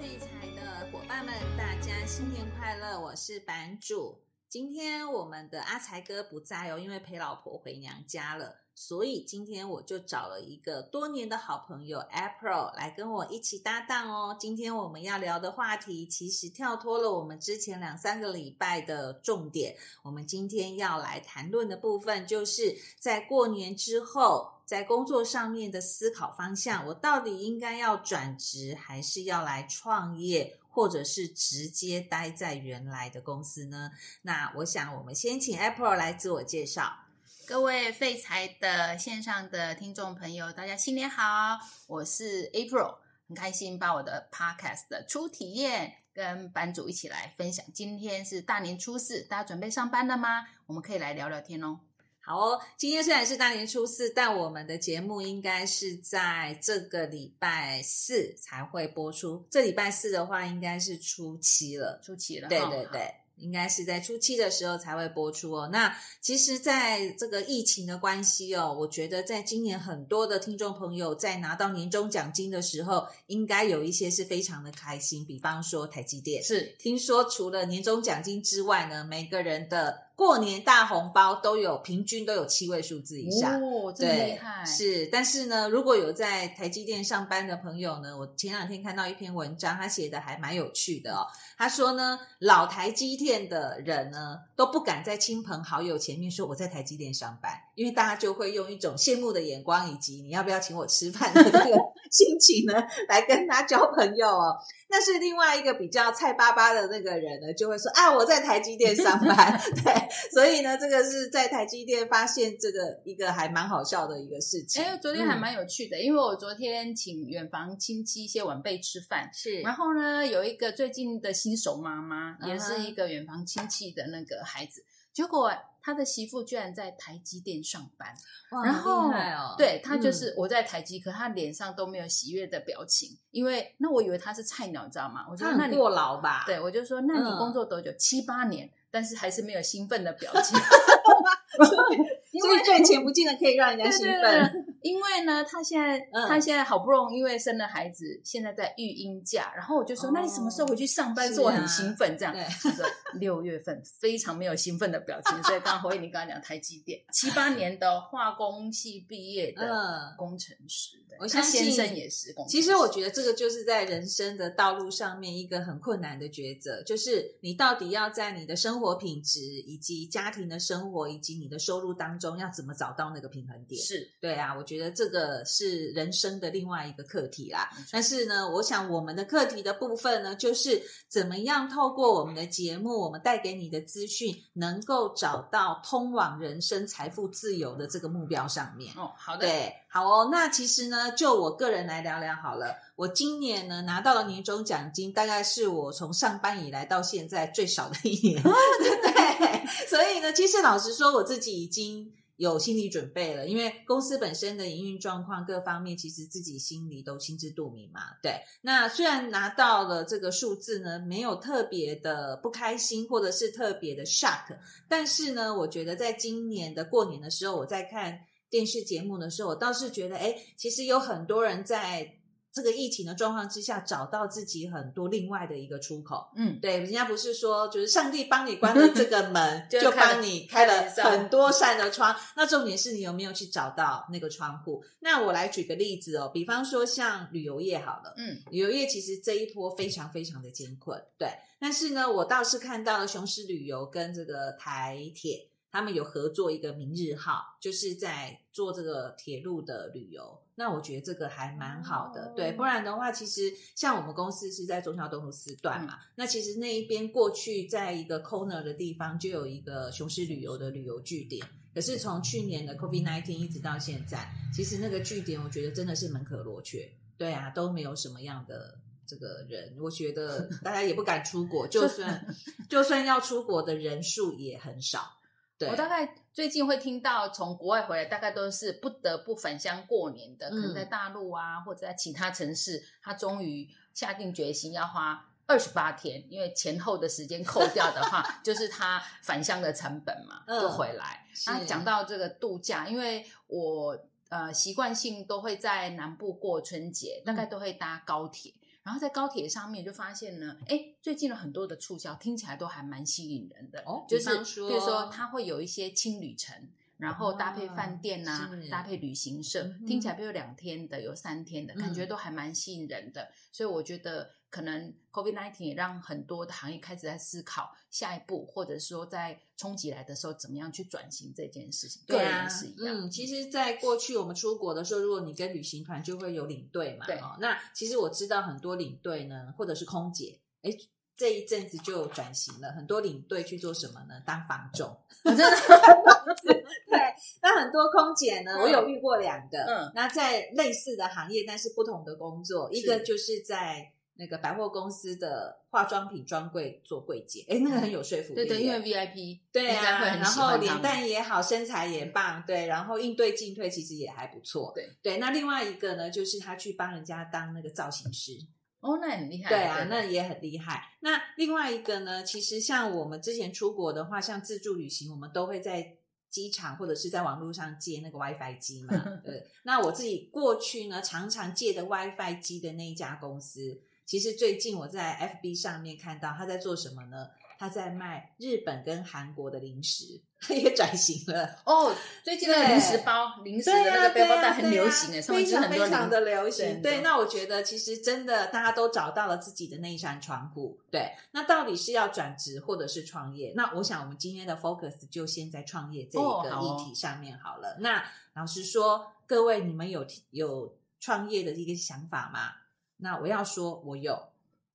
廢柴的夥伴們，大家新年快樂！我是版主，今天我們的阿財哥不在哦，因為陪老婆回娘家了。所以今天我就找了一個多年的好朋友 April 來跟我一起搭檔哦。今天我們要聊的話題其實跳脫了我們之前兩三個禮拜的重點。我們今天要來談論的部分，就是在過年之後，在工作上面的思考方向。我到底應該要轉職，還是要來創業，或者是直接待在原來的公司呢？那我想，我們先請 April 來自我介紹。各位廢材的線上的聽眾朋友，大家新年好！我是 April，很開心把我的 Podcast 的初體驗跟班主一起來分享。今天是大年初四，大家準備上班了嗎？我們可以來聊聊天哦。好哦，今天雖然是大年初四，但我們的節目應該是在這個禮拜四才會播出。這禮拜四的話，應該是初七了，初七了。對對對。應該是在初期的時候才會播出哦。那其實，在這個疫情的關係哦，我覺得在今年很多的聽眾朋友在拿到年終獎金的時候，應該有一些是非常的開心。比方說台積電。是，聽說除了年終獎金之外呢，每個人的。過年大紅包都有，平均都有七位數字以上。哦，真的。對，是。但是呢，如果有在台積電上班的朋友呢，我前兩天看到一篇文章，他寫的還蠻有趣的哦。他說呢，老台積電的人呢，都不敢在親朋好友前面說我在台積電上班，因為大家就會用一種羨慕的眼光，以及你要不要請我吃飯。 心情呢，來跟他交朋友哦。那是另外一個比較菜巴巴的那個人呢，就會說啊，我在台積電上班， 對，所以呢，這個是在台積電發現這個一個還蠻好笑的一個事情。哎，昨天還蠻有趣的、嗯，因為我昨天請遠房親戚、一些晚輩吃飯，是，然後呢，有一個最近的新手媽媽，嗯、也是一個遠房親戚的那個孩子，結果。他的媳婦居然在台積電上班，然後、哦、對，他就是我在台積、嗯，可他臉上都沒有喜悅的表情，因為那我以為他是菜鳥，你知道嗎？我就說，那你過勞吧？對，我就說那你工作多久？嗯、七八年，但是還是沒有興奮的表情， 因為賺錢，不見得可以讓人家興奮。對對對對對因為呢，他現在、嗯、他現在好不容易，因為生了孩子，現在在育嬰假。然後我就說，哦、那你什麼時候回去上班做？做、啊、很興奮這樣。對。六月份非常沒有興奮的表情。 所以剛剛侯毅你剛才講，台積電七八年的化工系畢業的工程師，嗯、我相信先生也是。其實我覺得這個就是在人生的道路上面一個很困難的抉擇，就是你到底要在你的生活品質以及家庭的生活以及你的收入當中，要怎麼找到那個平衡點？是對啊，我覺得。覺得這個是人生的另外一個課題啦，但是呢，我想我們的課題的部分呢，就是怎麼樣透過我們的節目，我們帶給你的資訊，能夠找到通往人生財富自由的這個目標上面。哦，好的，對，好哦。那其實呢，就我個人來聊聊好了。我今年呢拿到了年終獎金，大概是我從上班以來到現在最少的一年，對，所以呢，其實老實說，我自己已經。有心理準備了，因為公司本身的營運狀況各方面，其實自己心裡都心知肚明嘛。對，那雖然拿到了這個數字呢，沒有特別的不開心或者是特別的 shock，但是呢，我覺得在今年的過年的時候，我在看電視節目的時候，我倒是覺得，誒，其實有很多人在。這個疫情的狀況之下，找到自己很多另外的一個出口。嗯，對，人家不是說，就是上帝幫你關了這個門， 就，就幫你開了很多扇的窗。那重點是你有沒有去找到那個窗戶？那我來舉個例子哦，比方說像旅遊業好了，嗯，旅遊業其實這一波非常非常的艱困，對。但是呢，我倒是看到了雄獅旅遊跟這個台鐵。他們有合作一個明日號，就是在做這個鐵路的旅遊。那我覺得這個還蠻好的，對。不然的話，其實像我們公司是在忠孝東路四段嘛，嗯。那其實那一邊過去，在一個 corner 的地方，就有一個雄獅旅遊的旅遊據點。可是從去年的 COVID nineteen 一直到現在，其實那個據點，我覺得真的是門可羅雀。對啊，都沒有什麼樣的這個人。我覺得大家也不敢出國， 就算就算要出國的人數也很少。對，我大概最近會聽到從國外回來，大概都是不得不返鄉過年的。嗯、可能在大陸啊，或者在其他城市，他終於下定決心要花二十八天，因為前後的時間扣掉的話， 就是他返鄉的成本嘛，就 回來。那、呃啊、講到這個度假，因為我呃習慣性都會在南部過春節，嗯、大概都會搭高鐵。然後在高鐵上面就發現呢，哎，最近的很多的促銷聽起來都還蠻吸引人的。哦，就是比，比如說它會有一些輕旅程，然後搭配飯店吶、啊哦，搭配旅行社，聽起來比有兩天的，有三天的感覺都還蠻吸引人的。嗯、所以我覺得。可能 COVID nineteen 也讓很多的行業開始在思考下一步，或者說在衝擊來的時候，怎麼樣去轉型這件事情，對，是一樣對、啊嗯、其實，在過去我們出國的時候，如果你跟旅行團，就會有領隊嘛，對、哦、那其實我知道很多領隊呢，或者是空姐，誒，這一陣子就轉型了，很多領隊去做什麼呢？當房仲，真 對，那很多空姐呢，我有遇過兩個，嗯，那在類似的行業，但是不同的工作，一個就是在。那個百貨公司的化妝品專櫃做櫃姐，誒、欸、那個很有說服力，嗯、對，對，因為 VIP，對啊，然後臉蛋也好，身材也棒，嗯，對，然後應對進退其實也還不錯，對，對。那另外一個呢，就是他去幫人家當那個造型師，哦，那很厲害，對啊對，那也很厲害。那另外一個呢，其實像我們之前出國的話，像自助旅行，我們都會在機場或者是在網絡上借那個 WiFi 機嘛呵呵，對。那我自己過去呢，常常借的 WiFi 機的那一家公司。其實最近我在 FB 上面看到他在做什麼呢？他在賣日本跟韓國的零食，他也轉型了哦。最近的零食包、零食的那個背包袋很流行哎、啊啊啊，上面有很多人。非常,非常的流行對對對。對，那我覺得其實真的大家都找到了自己的那一扇窗戶對。對，那到底是要轉職或者是創業？那我想我們今天的 Focus 就先在創業這一個議題上面好了、哦好哦。那老實說，各位你們有有創業的一個想法嗎？那我要說，我有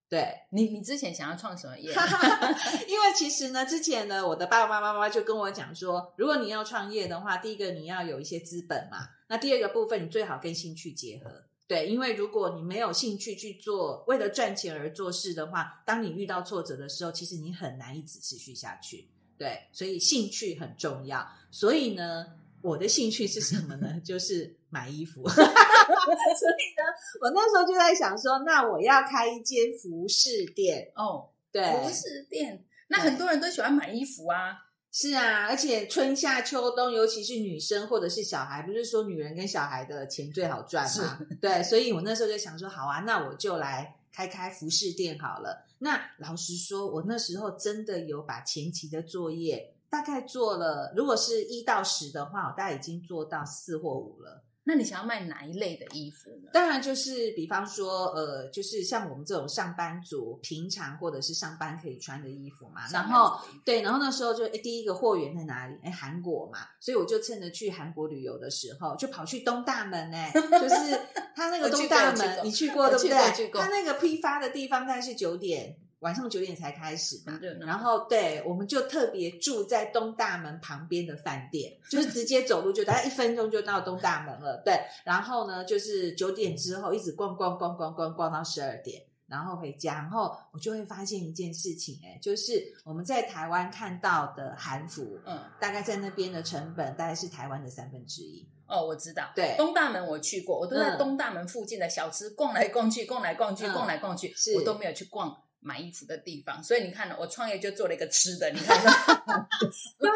對你，你之前想要創什麼業？ 因為其實呢，之前呢，我的爸爸媽，媽媽就跟我講說，如果你要創業的話，第一個你要有一些資本嘛，那第二個部分你最好跟興趣結合。對，因為如果你沒有興趣去做，為了賺錢而做事的話，當你遇到挫折的時候，其實你很難一直持續下去。對，所以興趣很重要。所以呢。我的興趣是什麼呢？ 就是買衣服。 所以呢，我那時候就在想說，那我要開一間服飾店。哦，對，服飾店，那很多人都喜歡買衣服啊。是啊，而且春夏秋冬，尤其是女生或者是小孩，不是說女人跟小孩的錢最好賺嗎？對，所以我那時候就想說，好啊，那我就來開開服飾店好了。那老實說，我那時候真的有把前期的作業。大概做了，如果是一到十的話，我大概已經做到四或五了。那你想要賣哪一類的衣服呢？當然就是，比方說，呃，就是像我們這種上班族平常或者是上班可以穿的衣服嘛。服然後，對，然後那時候就、欸、第一個貨源在哪裡？哎、欸，韓國嘛，所以我就趁着去韓國旅遊的時候，就跑去東大門、欸，哎， 就是他那個東大門，去去你去過，去過對不對？他那個批發的地方大概是九點。晚上九點才開始嘛、嗯，然後對，我們就特別住在東大門旁邊的飯店，就是直接走路就大概一分鐘就到東大門了。對，然後呢，就是九點之後一直逛逛逛逛逛逛，逛，逛，逛，逛，逛到十二點，然後回家。然後我就會發現一件事情、欸，哎，就是我們在台灣看到的韓服，嗯，大概在那邊的成本大概是台灣的三分之一。嗯、哦，我知道，對，東大門我去過，我都在東大門附近的小吃逛來逛去，逛來逛去，逛來逛去，嗯、逛來逛去我都沒有去逛。買衣服的地方，所以你看我創業就做了一個吃的。你看， 對，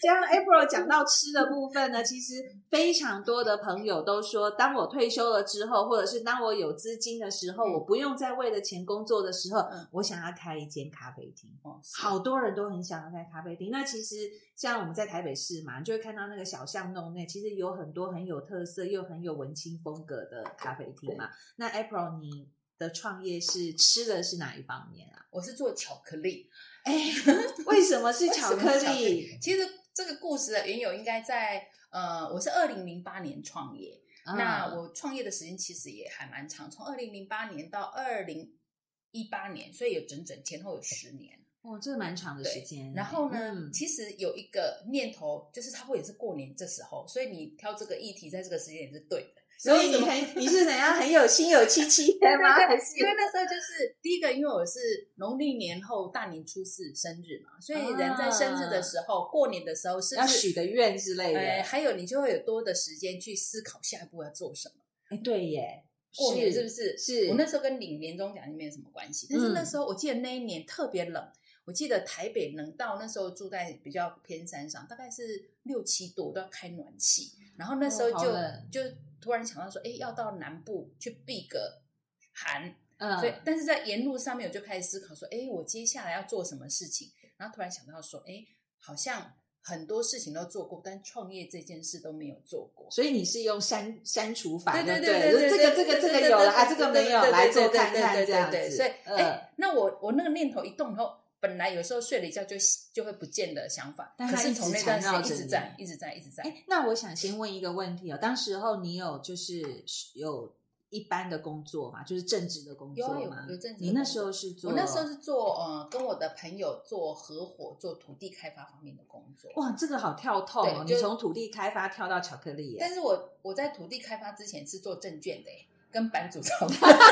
像 April 講到吃的部分呢，其實非常多的朋友都說，當我退休了之後，或者是當我有資金的時候，我不用再為了錢工作的時候，我想要開一間咖啡廳。哦，好多人都很想要開咖啡廳。那其實像我們在台北市嘛，你就會看到那個小巷弄內，其實有很多很有特色又很有文青風格的咖啡廳嘛。那 April 你的創業是吃的是哪一方面啊？我是做巧克力，哎， 為什麼是巧克力，什麼巧克力？其實這個故事的緣由應該在呃，我是二零零八年創業，嗯，那我創業的時間其實也還蠻長，從二零零八年到二零一八年，所以有整整前後有十年，哦，這蠻、個、長的時間。然後呢，嗯，其實有一個念頭，就是差不多也是過年這時候，所以你挑這個議題，在這個時間也是對的。所以你很你是怎樣，很有心有戚戚的嗎？ 因為那時候就是第一個，因為我是農曆年後大年初四生日嘛，所以人在生日的時候，啊、過年的時候是，是要許的願之類的、哎。還有你就會有多的時間去思考下一步要做什麼。哎，對耶，過年是不是？是我那時候跟領年終獎就沒有什麼關係。但是那時候我記得那一年特別冷、嗯，我記得台北能到那時候住在比較偏山上，大概是六七度都要開暖氣，然後那時候就、哦、就。突然想到說，哎、欸，要到南部去避個寒。嗯，所以但是在沿路上面，我就開始思考說，哎、欸，我接下來要做什麼事情？然後突然想到說，哎、欸，好像很多事情都做過，但創業這件事都沒有做過。所以你是用刪刪除法，對對對對對，對，對、這個，這個這個這個有了，對對對，啊，這個沒有，對對對，來做看看這樣子。對對對對對，所以，哎、欸，那我我那個念頭一動以後。本來有時候睡了一覺就就會不見的想法，但是從那段時間一直在一直在一直在,一直在。那我想先問一個問題哦，當時候你有就是有一般的工作嘛，就是正職的工作嗎？有,、啊、有,有正職的工作你那時候是做，我那時候是做、嗯、呃，跟我的朋友做合夥做土地開發方面的工作。哇，這個好跳痛哦！你從土地開發跳到巧克力、啊，但是我我在土地開發之前是做證券的，跟版主吵架。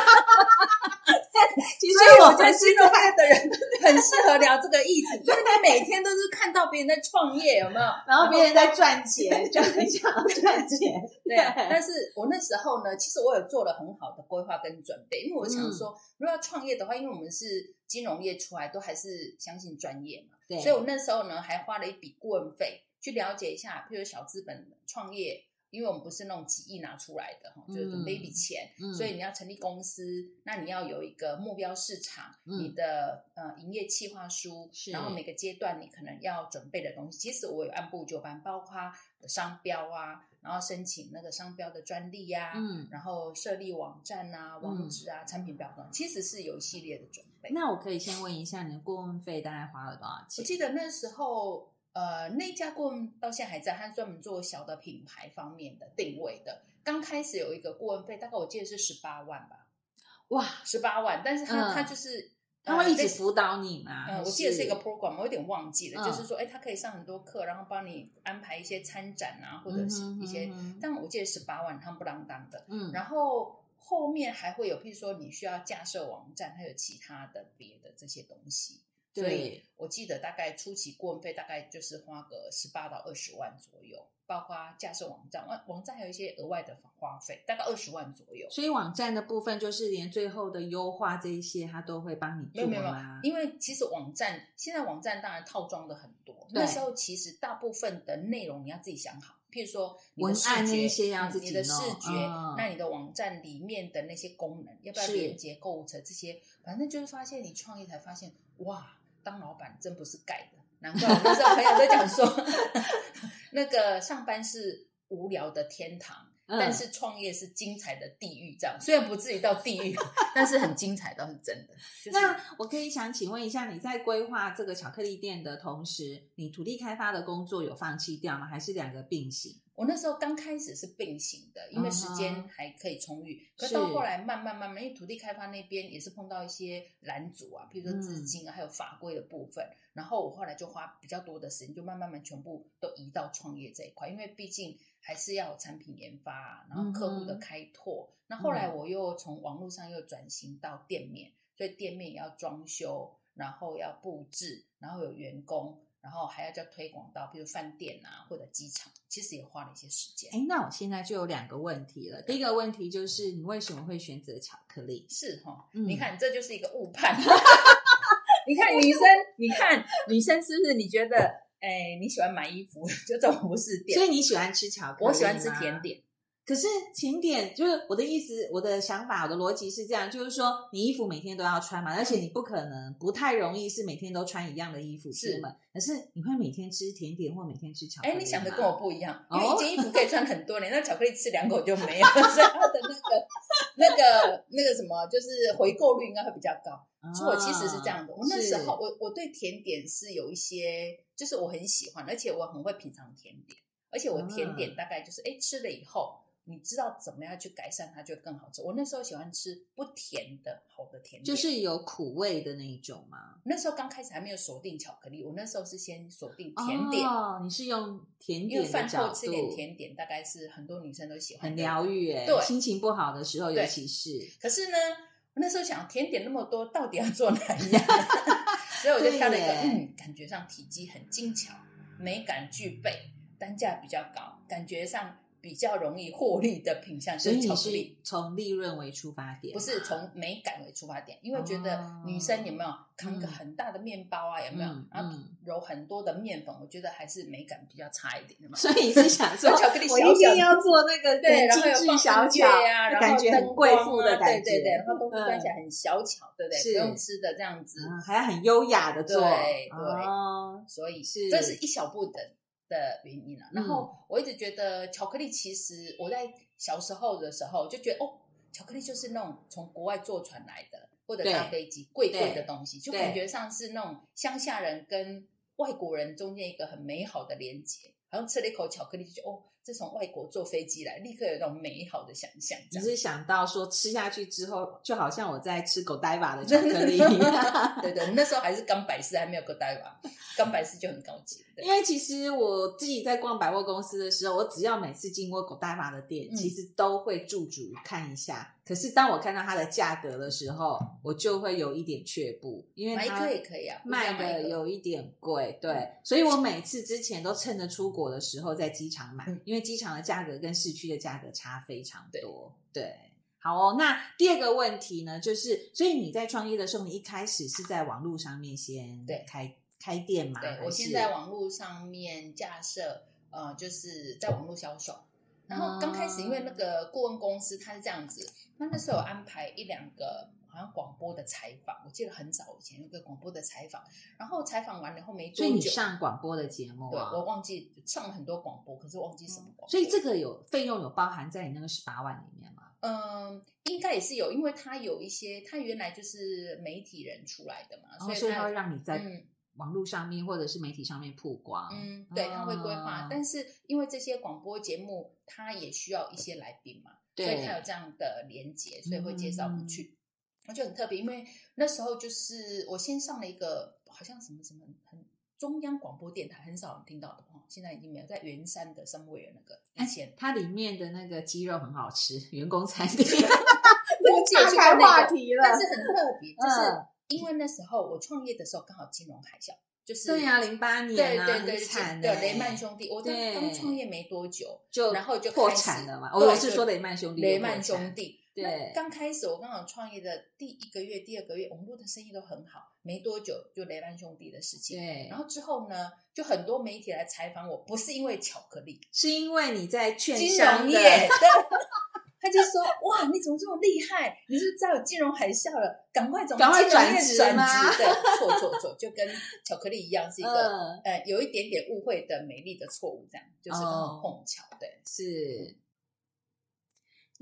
其實所以我們金融業的人很適合聊這個議題，因為他每天都是看到別人在創業， 有沒有？然後別人在賺錢， 就很想賺錢，賺錢、啊。對，但是我那時候呢，其實我有做了很好的規劃跟準備，因為我想說，嗯、如果要創業的話，因為我們是金融業出來，都還是相信專業嘛。所以我那時候呢，還花了一筆顧問費去了解一下，譬如小資本創業。因為我們不是那種幾億拿出來的哈、嗯，就是準備一筆錢、嗯，所以你要成立公司、嗯，那你要有一個目標市場，嗯、你的呃營業計劃書，然後每個階段你可能要準備的東西，其實我有按部就班，包括商標啊，然後申請那個商標的專利呀、啊嗯，然後設立網站啊、網址啊、產、嗯、品標章，其實是有一系列的準備。那我可以先問一下你的顧問費大概花了多少錢？ 我記得那時候。呃，那家顧問到現在還在，他專門做小的品牌方面的定位的。剛開始有一個顧問費，大概我記得是十八萬吧，哇，十八萬！但是他他、嗯、就是他會一直輔導你嘛？嗯、呃，我記得是一個 program，我有點忘記了。嗯、就是說，哎、欸，他可以上很多課，然後幫你安排一些參展啊，或者是一些、嗯哼哼哼。但我記得十八萬，他們不啷噹的。嗯。然後後面還會有，譬如說你需要架設網站，還有其他的別的這些東西。所以，我記得大概初期顧問費大概就是花個十八到二十萬左右，包括架設網站，網站還有一些額外的花費，大概二十萬左右。所以網站的部分就是連最後的優化這一些，他都會幫你做啊。沒有沒有沒有，因為其實網站現在網站當然套裝的很多，那時候其實大部分的內容你要自己想好，譬如說文案那些樣子，你的視覺、嗯，那你的網站裡面的那些功能要不要連接購物車這些，反正就是發現你創業才發現哇。當老闆真不是蓋的，難怪我那時候朋友在講說， 那個上班是無聊的天堂， 但是創業是精彩的地獄。這樣雖然不至於到地獄，但是很精彩倒 是真的、就是。那我可以想請問一下，你在規劃這個巧克力店的同時，你土地開發的工作有放棄掉嗎？還是兩個並行？我那時候剛開始是並行的，因為時間還可以充裕。Uh-huh. 可是到後來慢慢慢慢，因為土地開發那邊也是碰到一些攔阻啊，比如說資金啊，還有法規的部分。嗯。然後我後來就花比較多的時間，就慢慢慢全部都移到創業這一塊，因為畢竟還是要有產品研發啊，然後客戶的開拓。嗯。那後來我又從網絡上又轉型到店面，所以店面也要裝修，然後要布置，然後有員工。然後還要再推廣到，比如飯店啊或者機場，其實也花了一些時間。哎，那我現在就有兩個問題了。第一個問題就是，你為什麼會選擇巧克力？是哈、哦嗯，你看這就是一個誤判。 你看女生， 你看 女生是不是你覺得， 誒你喜歡買衣服，就這種服飾店。所以你喜歡吃巧克力？我喜歡吃甜點。可是甜點就是我的意思，我的想法，我的邏輯是這樣，就是說你衣服每天都要穿嘛，而且你不可能不太容易是每天都穿一樣的衣服，是嗎？可是你會每天吃甜點或每天吃巧克力？哎、欸，你想的跟我不一樣，因為一件衣服可以穿很多年，哦，那巧克力吃兩口就沒有，然 後的那個那個那個什麼，就是回購率應該會比較高。所以我其實是這樣的，啊、我那時候我我對甜點是有一些，就是我很喜歡，而且我很會品嘗甜點，而且我甜點大概就是哎、嗯、吃了以後。你知道怎麼樣去改善它就更好吃。我那時候喜歡吃不甜的，好的甜點就是有苦味的那一種嗎？那時候剛開始還沒有鎖定巧克力，我那時候是先鎖定甜點、哦。你是用甜點的？飯後吃點甜點，大概是很多女生都喜歡，很療癒。誒。對，心情不好的時候，尤其是。可是呢，我那時候想甜點那麼多，到底要做哪一樣？ 所以我就挑了一個，嗯、感覺上體積很精巧，美感具備，單價比較高，感覺上。比較容易獲利的品相，所以巧克力從利潤為出發點，不是從美感為出發點，因為我覺得女生有沒有扛個很大的麵包啊、嗯？有沒有然後揉很多的麵粉、嗯？我覺得還是美感比較差一點、嗯有有嗯、的嘛、嗯。所以你是想做巧克力小巧？我一定要做那個對精致小巧，然後啊，小巧然後啊，感覺很貴婦的感覺，對對對，然後看起來很小巧，對不對？是不用吃的這樣子，嗯、還要很優雅的做，對對、哦，所以是這是一小步的。的原因了，啊，然後我一直覺得巧克力其實我在小時候的時候就覺得哦，巧克力就是那種從國外坐船來的或者搭飛機貴貴的東西，就感覺上是那種鄉下人跟外國人中間一個很美好的連接，好像吃了一口巧克力就覺得哦。自從外國坐飛機來，立刻有一種美好的想象。只是想到說吃下去之後，就好像我在吃狗呆法的巧克力。 對對， 那時候還是剛百事，還沒有狗呆法。剛百事就很高級。因為其實我自己在逛百貨公司的時候，我只要每次經過狗呆法的店，其實都會駐足看一下、嗯。可是當我看到它的價格的時候，我就會有一點卻步，因為它也可以，啊，賣的有一點貴。對，所以我每次之前都趁着出國的時候在機場買。嗯因為機場的價格跟市區的價格差非常多，對。對，好哦。那第二個問題呢，就是，所以你在創業的時候，你一開始是在網絡上面先開，對，開開店嘛？對，我先在網絡上面架設，呃，就是在網絡銷售。然後剛開始，因為那個顧問公司他是這樣子，他、嗯、那時候安排一兩個。好像廣播的採訪，我記得很早以前有個廣播的採訪，然後採訪完了後沒做多久，所以你上廣播的節目、啊。對，我忘記上了很多廣播，可是忘記什麼廣播、嗯、所以這個有費用有包含在你那個十八萬裡面嗎？嗯，應該也是有，因為他有一些，他原來就是媒體人出來的嘛，哦、所以，它所以它會讓你在網絡上面或者是媒體上面曝光。嗯，對，他會規劃、啊，但是因為這些廣播節目，他也需要一些來賓嘛，所以他有這樣的連接，所以會介紹我們去。嗯我就很特別，因為那時候就是我先上了一個，好像什麼什麼很中央廣播電臺，很少人聽到的哦，現在已經沒有在圓山的 somewhere 那個，而、啊、且它裡面的那個雞肉很好吃，員工餐廳。我岔開話題了， 但是很特別、嗯，就是因為那時候我創業的時候剛好金融海嘯，就是對呀，零八年、啊，對對對、就是，對，雷曼兄弟，我在剛創業沒多久就然後就，就破產了嘛、哦，我是說雷曼兄弟，雷曼兄弟。對，那剛開始我剛好創業的第一個月，第二個月，我們做的生意都很好，沒多久就雷曼兄弟的事情。對，然後之後呢，就很多媒體來採訪我，不是因為巧克力，是因為你在勸金融業。對 他就說：“哇，你怎麼這麼厲害？你是遭金融海嘯了？趕快怎麼業轉，趕快轉職 對錯錯錯，就跟巧克力一樣，是一個、嗯、呃有一點點誤會的美麗的錯誤，這樣就是碰巧，嗯、對是。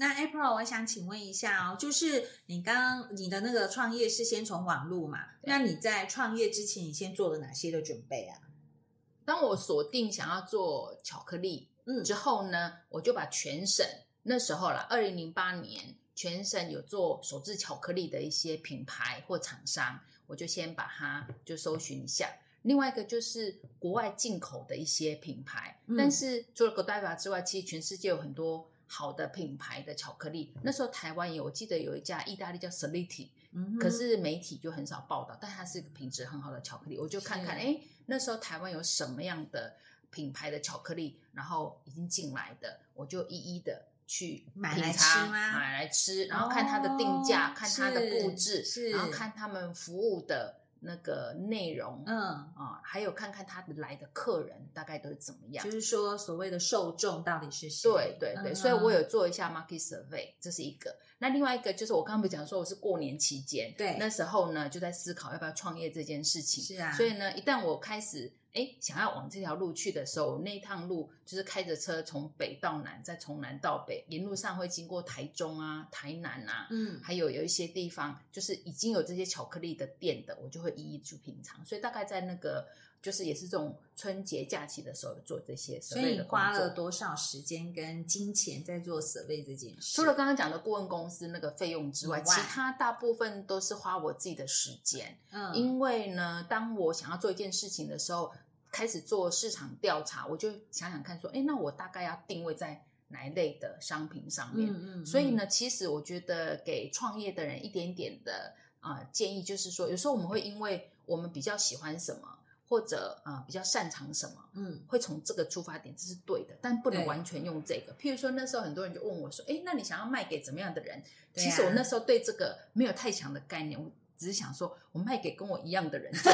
那 April，我想請問一下哦，就是你剛剛你的那個創業是先從網路嘛？那你在創業之前，你先做了哪些的準備啊？當我鎖定想要做巧克力，嗯，之後呢，我就把全省那時候啦，二零零八年全省有做手製巧克力的一些品牌或廠商，我就先把它就搜尋一下。另外一個就是國外進口的一些品牌，嗯、但是除了 Godiva 之外，其實全世界有很多。好的品牌的巧克力，那時候台灣有，我記得有一家意大利叫 Seliti，嗯哼，可是媒體就很少報道，但它是一個品質很好的巧克力。我就看看，哎、欸，那時候台灣有什麼樣的品牌的巧克力，然後已經進來的，我就一一的去品嚐，買來吃嗎？買來吃，然後看它的定價，oh, 看它的布置是是，然後看他們服務的。那個內容，嗯啊，還有看看他來的客人大概都是怎麼樣，就是說所謂的受眾到底是誰？對對對，嗯嗯，所以，我有做一下 market survey，這是一個。那另外一個就是我剛剛不講說我是過年期間，對，那時候呢就在思考要不要創業這件事情，是啊。所以呢，一旦我開始。哎，想要往這條路去的時候，那一趟路就是開着車從北到南，再從南到北，沿路上會經過台中啊、台南啊，嗯，還有有一些地方就是已經有這些巧克力的店的，我就會一一去品嚐。所以大概在那個。就是也是這種春節假期的時候做這些，所以花了多少時間跟金錢在做 survey 這件事？除了剛剛講的顧問公司那個費用之外，外，其他大部分都是花我自己的時間。嗯，因為呢，當我想要做一件事情的時候，開始做市場調查，我就想想看，說，哎、欸，那我大概要定位在哪一類的商品上面？嗯嗯，嗯。所以呢，其實我覺得給創業的人一點點的啊、呃、建議，就是說，有時候我們會因為我們比較喜歡什麼。或者、呃、比較擅長什麼，嗯，會從這個出發點，這是對的，但不能完全用這個。譬如說那時候很多人就問我說：“欸、那你想要賣給怎麼樣的人、啊？”其實我那時候對這個沒有太強的概念，我只是想說我賣給跟我一樣的人。 所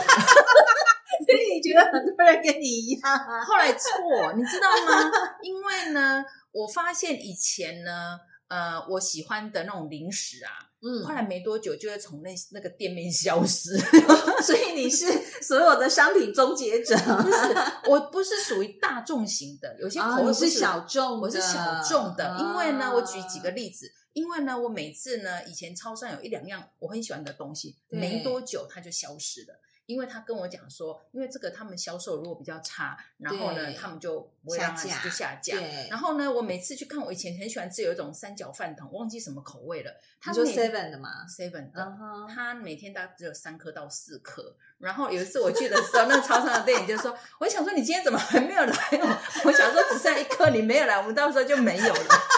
以你覺得很多人跟你一樣？ 後來錯，你知道嗎？ 因為呢，我發現以前呢，呃，我喜歡的那種零食啊。嗯，後來沒多久就會從那那個店面消失， 所以你是所有的商品終結者。 不是，我不是屬於大眾型的，有些口味是，哦，是小眾，我是小眾的，哦。因為呢，我舉幾個例子，因為呢，我每次呢，以前超商有一兩樣我很喜歡的東西，沒多久它就消失了。因為他跟我講說，因為這個他們銷售如果比較差，然後呢，他們就下架就下架。然後呢，我每次去看我以前很喜歡吃有一種三角飯糰，忘記什麼口味了。他說 seven 的嘛，seven 的。Uh -huh. 他每天大概只有三顆到四顆。然後有一次我去的時候，那超商的店員，就說 我想說你今天怎麼還沒有來哦？我想說只剩一顆，你沒有來，我們到時候就沒有了。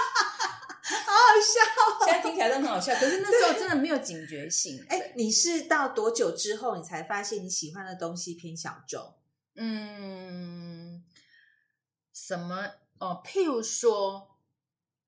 聽起來都很好笑，可是那時候真的沒有警覺性。哎、欸，你是到多久之後，你才發現你喜歡的東西偏小眾？嗯，什麼哦？譬如說，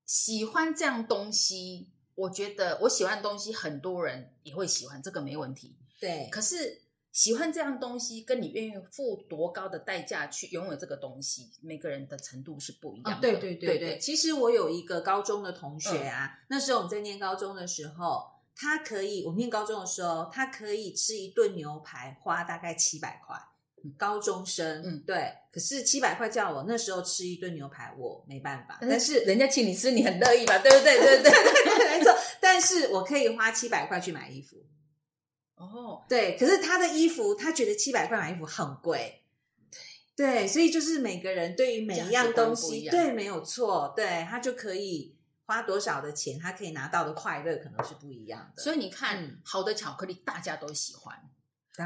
喜歡這樣東西，我覺得我喜歡的東西，很多人也會喜歡，這個沒問題。對，可是。喜歡這樣東西，跟你願意付多高的代價去擁有這個東西，每個人的程度是不一樣的。哦，對對對對，對，其實我有一個高中的同學啊，嗯，那時候我們在念高中的時候，他可以，我念高中的時候，他可以吃一頓牛排，花大概七百塊。高中生，嗯，對。可是七百塊叫我那時候吃一頓牛排，我沒辦法。嗯，但是人家請你吃，你很樂意吧？ 對不對？對對對對，對對 沒錯。但是我可以花七百塊去買衣服。哦、oh.，對，可是他的衣服，他覺得七百塊買衣服很貴，對，所以就是每個人對於每一樣東西，對，沒有錯，對他就可以花多少的錢，他可以拿到的快樂可能是不一樣的。所以你看，好的巧克力大家都喜歡，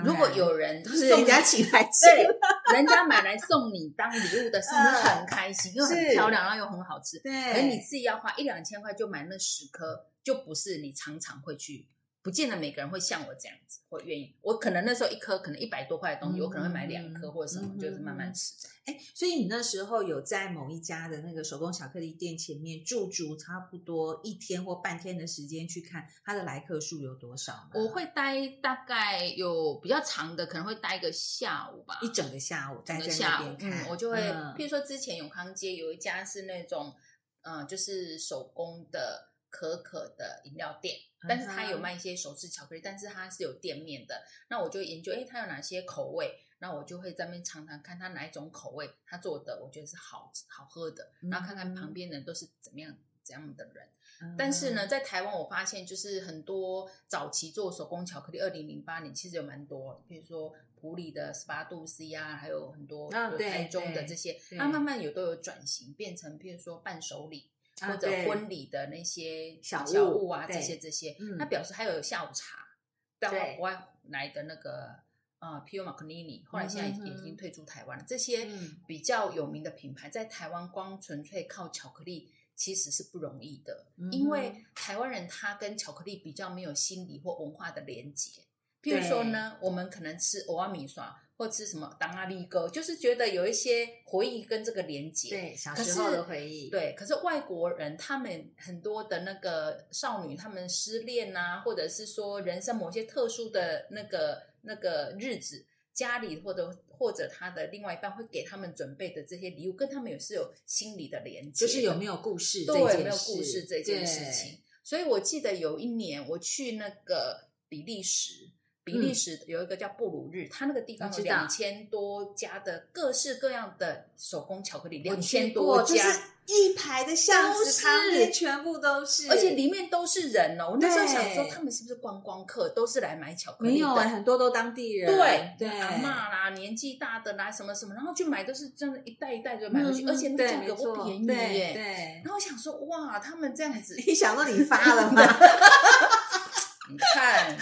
如果有人就是人家請來吃， 人家買來送你當禮物的是不是很開心？因、呃、為很漂亮，然後又很好吃。對，而你自己要花一兩千塊就買那十顆，就不是你常常會去。不見得每個人會像我這樣子會願意，我可能那時候一顆可能一百多塊的東西，嗯、我可能會買兩顆或者什麼，嗯、就是慢慢吃。哎，所以你那時候有在某一家的那個手工巧克力店前面駐足差不多一天或半天的時間去看它的來客數有多少嗎？我會待大概有比較長的，可能會待一個下午吧，一整個下午，待在那邊看、嗯，我就會、嗯，譬如說之前永康街有一家是那種，嗯、呃，就是手工的。可可的飲料店，但是它有賣一些手制巧克力，嗯、但是它是有店面的。那我就研究，哎、欸，它有哪些口味？那我就會在那邊嘗嘗，看它哪一種口味，它做的我覺得是好好喝的、嗯。然後看看旁邊人都是怎麼樣怎樣的人、嗯。但是呢，在台灣我發現，就是很多早期做手工巧克力，二零零八年其實有蠻多，比如說埔里的十八度 C 啊，還有很多台中的這些，它、哦、慢慢有都有轉型，變成譬如說伴手禮。或者婚禮的那些小物啊，這些這些，他、嗯、表示還有下午茶，但我國外來的那個啊，Pio Macnini，後來現在已經退出台灣了、嗯。這些比較有名的品牌，在台灣光純粹靠巧克力其實是不容易的，嗯、因為台灣人他跟巧克力比較沒有心理或文化的連接。譬如說呢，我們可能吃歐米莎。或吃什麼當阿力哥，就是覺得有一些回憶跟這個連接。對，小時候的回憶。對，可是外國人他們很多的那個少女，他們失戀啊，或者是說人生某些特殊的那個那個日子，家裡或者或者他的另外一半會給他們準備的這些禮物，跟他們也是有心理的連接。就是有沒有故事這件事？對，有沒有故事這件事情？所以我記得有一年我去那個比利時。比利時有一個叫布魯日，它那個地方有兩千多家的各式各樣的手工巧克力，兩千多家，是一排的巷子旁邊全部都是，而且裡面都是人哦。但是我那時候想說，他們是不是觀光客，都是來買巧克力的？沒有，很多都當地人，對，阿嬤啦，年紀大的啦，什麼什麼，然後去買都是真的，一袋一袋的買東西，嗯嗯嗯、而且那價格不便宜耶對對對。然後我想說，哇，他們這樣子，你想到你發了嗎？ 你看。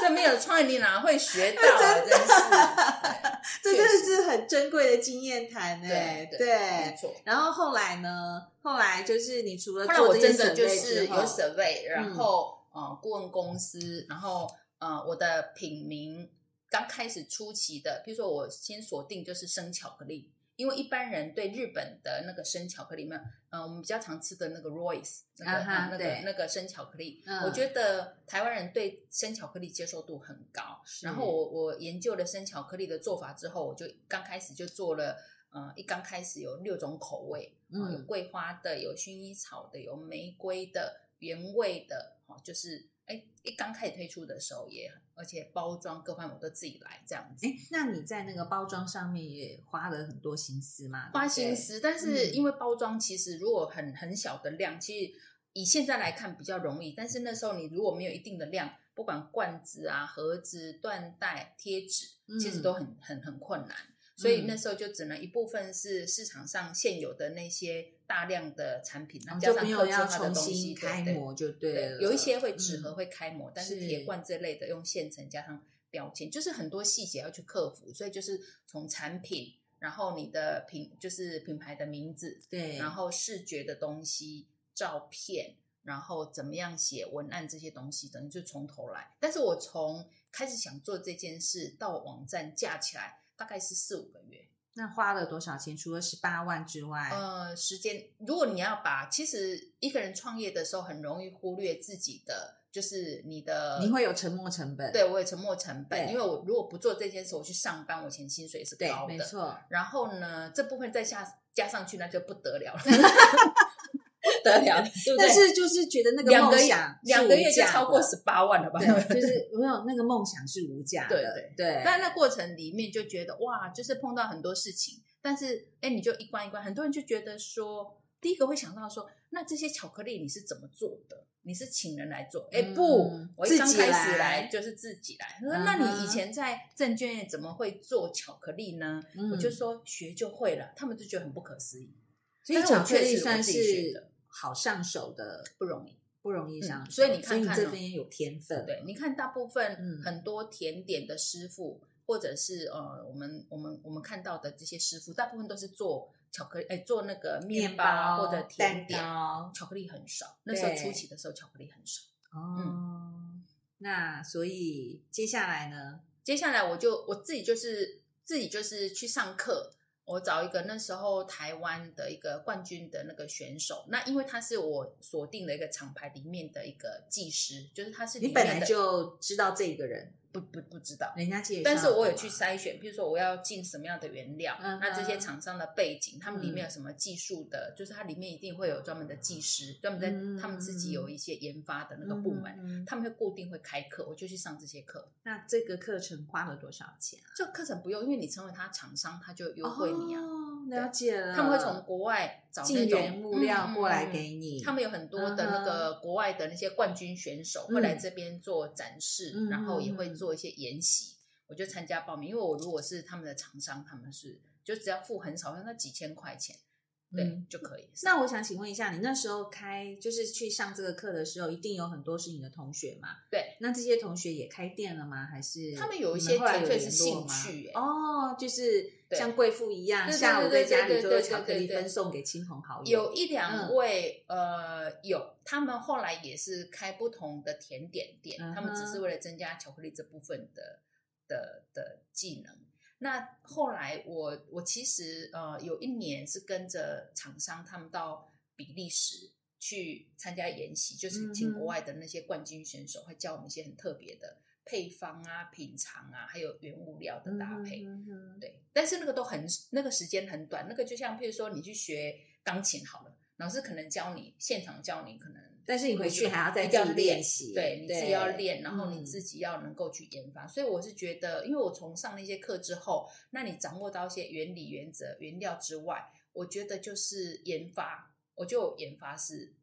這沒有創意你哪會學到 真的？真是，這真的是很珍貴的經驗談誒。對，沒錯。然後後來呢？後來就是，你除了做後我真的就是有 survey，然後呃、嗯，顧問公司，然後呃，我的品名剛開始初期的，比如說我先鎖定就是生巧克力。因為一般人對日本的那個生巧克力嘛，嗯、呃，我們比較常吃的那個 Royce、uh -huh, 那個那個那個生巧克力，uh -huh. 我覺得台灣人對生巧克力接受度很高。Uh -huh. 然後我我研究了生巧克力的做法之後，我就剛開始就做了，嗯、呃，一剛開始有六種口味，uh -huh. 哦，有桂花的，有薰衣草的，有玫瑰的，原味的，哦、就是。哎，一剛開始推出的時候也很，而且包裝各方面我都自己來，這樣子。哎，那你在那個包裝上面也花了很多心思嗎？花心思，對對嗯、但是因為包裝其實如果很很小的量，其實以現在來看比較容易。但是那時候你如果沒有一定的量，不管罐子啊、盒子、緞帶、貼紙，其實都很很很困難。所以那時候就只能一部分是市場上現有的那些大量的產品，嗯、然後加上特製化的東西，就沒有要重新開模就對了，對對對。有一些會紙盒會開模，嗯、但是鐵罐這類的用現成加上標籤，就是很多細節要去克服。所以就是從產品，然後你的品，就是品牌的名字，對，然後視覺的東西、照片，然後怎麼樣寫文案這些東西，等於就從頭來。但是我從開始想做這件事到網站架起來。大概是四五個月，那花了多少錢？除了十八萬之外，呃，時間。如果你要把，其實一個人創業的時候，很容易忽略自己的，就是你的，你會有沉沒成本。對我有沉沒成本，因為我如果不做這件事，我去上班，我以前薪水是高的，沒錯。然後呢，這部分再下加，加上去，那就不得了了。 不 得了，對不對，但是就是覺得那個夢想，兩個月就超過十八萬了吧？就是 沒有那個夢想是無價的，對對。對。但那過程裡面就覺得哇，就是碰到很多事情。但是哎，你就一關一關，很多人就覺得說，第一個會想到說，那這些巧克力你是怎麼做的？你是請人來做？哎，不、嗯，我一剛開始來就是自己來、嗯。那你以前在證券業怎麼會做巧克力呢？嗯、我就說學就會了。他們就覺得很不可思議。所以巧克力算是。好上手的，不容易，不容易上手，嗯、所以你看看你這邊也有天分。對，你看大部分很多甜點的師傅，嗯、或者是呃，我們我們我們看到的這些師傅，大部分都是做巧克力，哎，做那個麵包或者甜點、蛋糕，巧克力很少。那時候初期的時候，巧克力很少。嗯、哦，那所以接下來呢？接下來我就我自己就是自己就是去上課。我找一個那時候台灣的一個冠軍的那個選手，那因為他是我鎖定的一個廠牌裡面的一個技師，就是他是，你本來就知道這一個人。不不不知道，人家但是我也去篩選，比如說我要進什麼樣的原料，Uh-huh. 那這些廠商的背景，他們裡面有什麼技術的，嗯、就是它裡面一定會有專門的技師、嗯，專門在他們自己有一些研發的那個部門、嗯，他們會固定會開課，我就去上這些課。那這個課程花了多少錢啊？這課程不用，因為你成為他廠商，他就優惠你啊。Oh. 了解了他們會從國外找那種木料過來給你、嗯嗯嗯。他們有很多的那個國外的那些冠軍選手會來這邊做展示、嗯，然後也會做一些研習、嗯嗯。我就參加報名，因為我如果是他們的廠商，他們是就只要付很少，像那幾千塊錢，對、嗯、就可以。那我想請問一下，你那時候開就是去上這個課的時候，一定有很多是你的同學嗎？對，那這些同學也開店了嗎？還是,你們是、欸、他們有一些純粹是興趣、欸？哦，就是。像貴婦一樣，下午在家裡做巧克力分送給親朋好友。對對對對對對對對，有一兩位、嗯，呃，有他們後來也是開不同的甜點店、嗯，他們只是為了增加巧克力這部分的的的技能。那後來我我其實呃有一年是跟着廠商他們到比利時去參加研習，就是請國外的那些冠軍選手，會教我們一些很特別的。配方啊，品嘗啊，還有原物料的搭配，嗯、哼哼對，但是那個都很那個時間很短。那個就像譬如說你去學鋼琴好了，老師可能教你，現場教你，可能，但是你回去還要再繼續練習，對，你自己要練，然後你自己要能夠去研發。所以我是覺得，因為我從上那些課之後，那你掌握到一些原理、原則、原料之外，我覺得就是研發，我就研發是。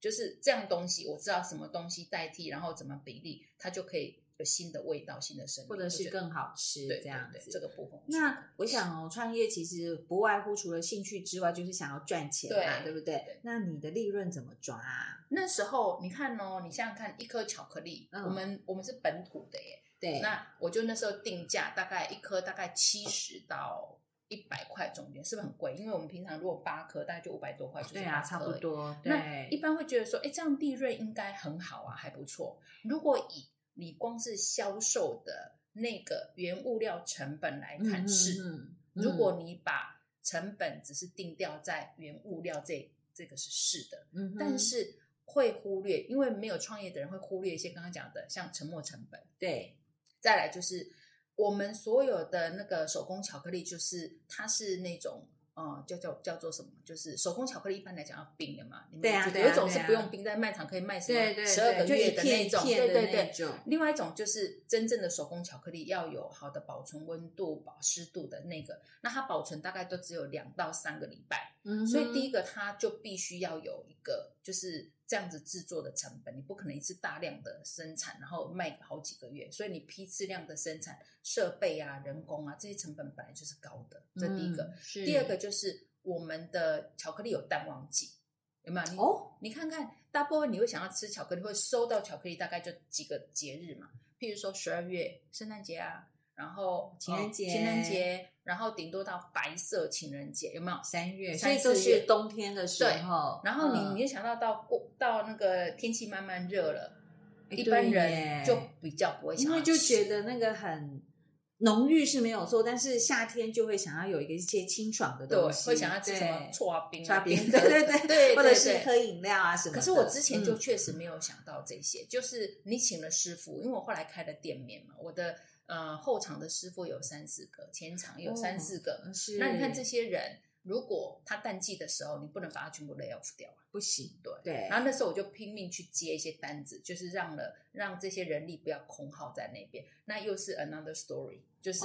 就是這樣東西，我知道什麼東西代替，然後怎麼比例，它就可以有新的味道、新的生活，或者是更好吃對對對這樣子。對對對這個部分，那我想哦，創業其實不外乎除了興趣之外，就是想要賺錢嘛，對，對不對，對，對？那你的利潤怎麼抓，啊？那時候你看哦，你想想看，一顆巧克力，嗯、我們我們是本土的耶，對。那我就那時候定價大概一顆大概七十到一百塊，重點是不是很貴？因為我們平常如果八顆大概就五百多塊，就是對、啊、差不多對。那一般會覺得說，哎，這樣利潤應該很好啊？還不錯。如果以你光是銷售的那個原物料成本來看、嗯、是，如果你把成本只是定掉在原物料這、嗯、這個是是的、嗯，但是會忽略，因為沒有創業的人會忽略一些剛剛講的，像沉沒成本。對，再來就是。我們所有的那個手工巧克力，就是它是那種、嗯、叫叫叫做什麼？就是手工巧克力一般來講要冰的嘛。對啊，有一種是不用冰、啊啊，在賣場可以賣什麼十二個月的那種，就一片一片的那種。對對對。另外一種就是真正的手工巧克力，要有好的保存溫度、保濕度的那個，那它保存大概都只有兩到三個禮拜、嗯。所以第一個它就必須要有一個就是。這樣子製作的成本，你不可能一次大量的生產，然後賣好幾個月。所以你批次量的生產，設備啊、人工啊這些成本，本本來就是高的，嗯、這是第一個。是第二個就是我們的巧克力有淡旺季，有沒有你、哦？你看看，大部分你會想要吃巧克力，會收到巧克力大概就幾個節日嘛，譬如說十二月聖誕節啊，然後情人節，情人節。哦然後頂多到白色情人節，有沒有三月、三四月？所以都是冬天的時候。然後你沒想到到過、嗯、到那個天氣慢慢熱了，一般人就比較不會想，因為就覺得那個很濃郁是沒有錯，但是夏天就會想要有一個一些清爽的東西，對，會想要吃什麼剉冰、剉冰，對冰冰對，對，對，對對對，或者是喝飲料啊什麼。可是我之前就確實沒有想到這些、嗯，就是你請了師傅，因為我後來開了店面嘛，我的。呃，後場的師傅有三四個，前場有三四個、哦、是。那你看這些人，如果他淡季的時候，你不能把他全部 lay off 掉啊，不行，對。對。然後那時候我就拼命去接一些單子，就是讓了讓這些人力不要空耗在那邊。那又是 another story，就是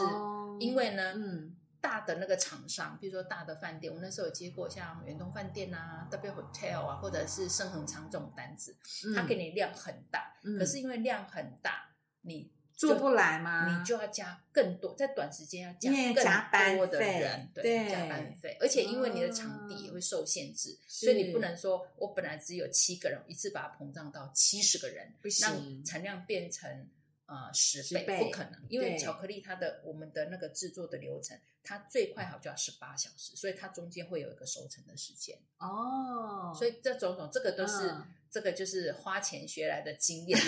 因為呢，哦、嗯，大的那個廠商，比如說大的飯店，我那時候有接過像遠東飯店啊、嗯、W Hotel 啊，或者是盛恆昌這種單子，他給你量很大、嗯，可是因為量很大，嗯、你。做不來嗎？你就要加更多，在短時間要加更多的人，對，加班費。而且因為你的場地也會受限制，嗯、所以你不能說我本來只有七個人，一次把它膨脹到七十個人，不行，讓產量變成呃，十倍，十倍，不可能。因為巧克力它的，我們的那個制作的流程，它最快好就要十八小時，所以它中間會有一個收成的時間。哦，所以這種種，這個都是、嗯、這個就是花錢學來的經驗。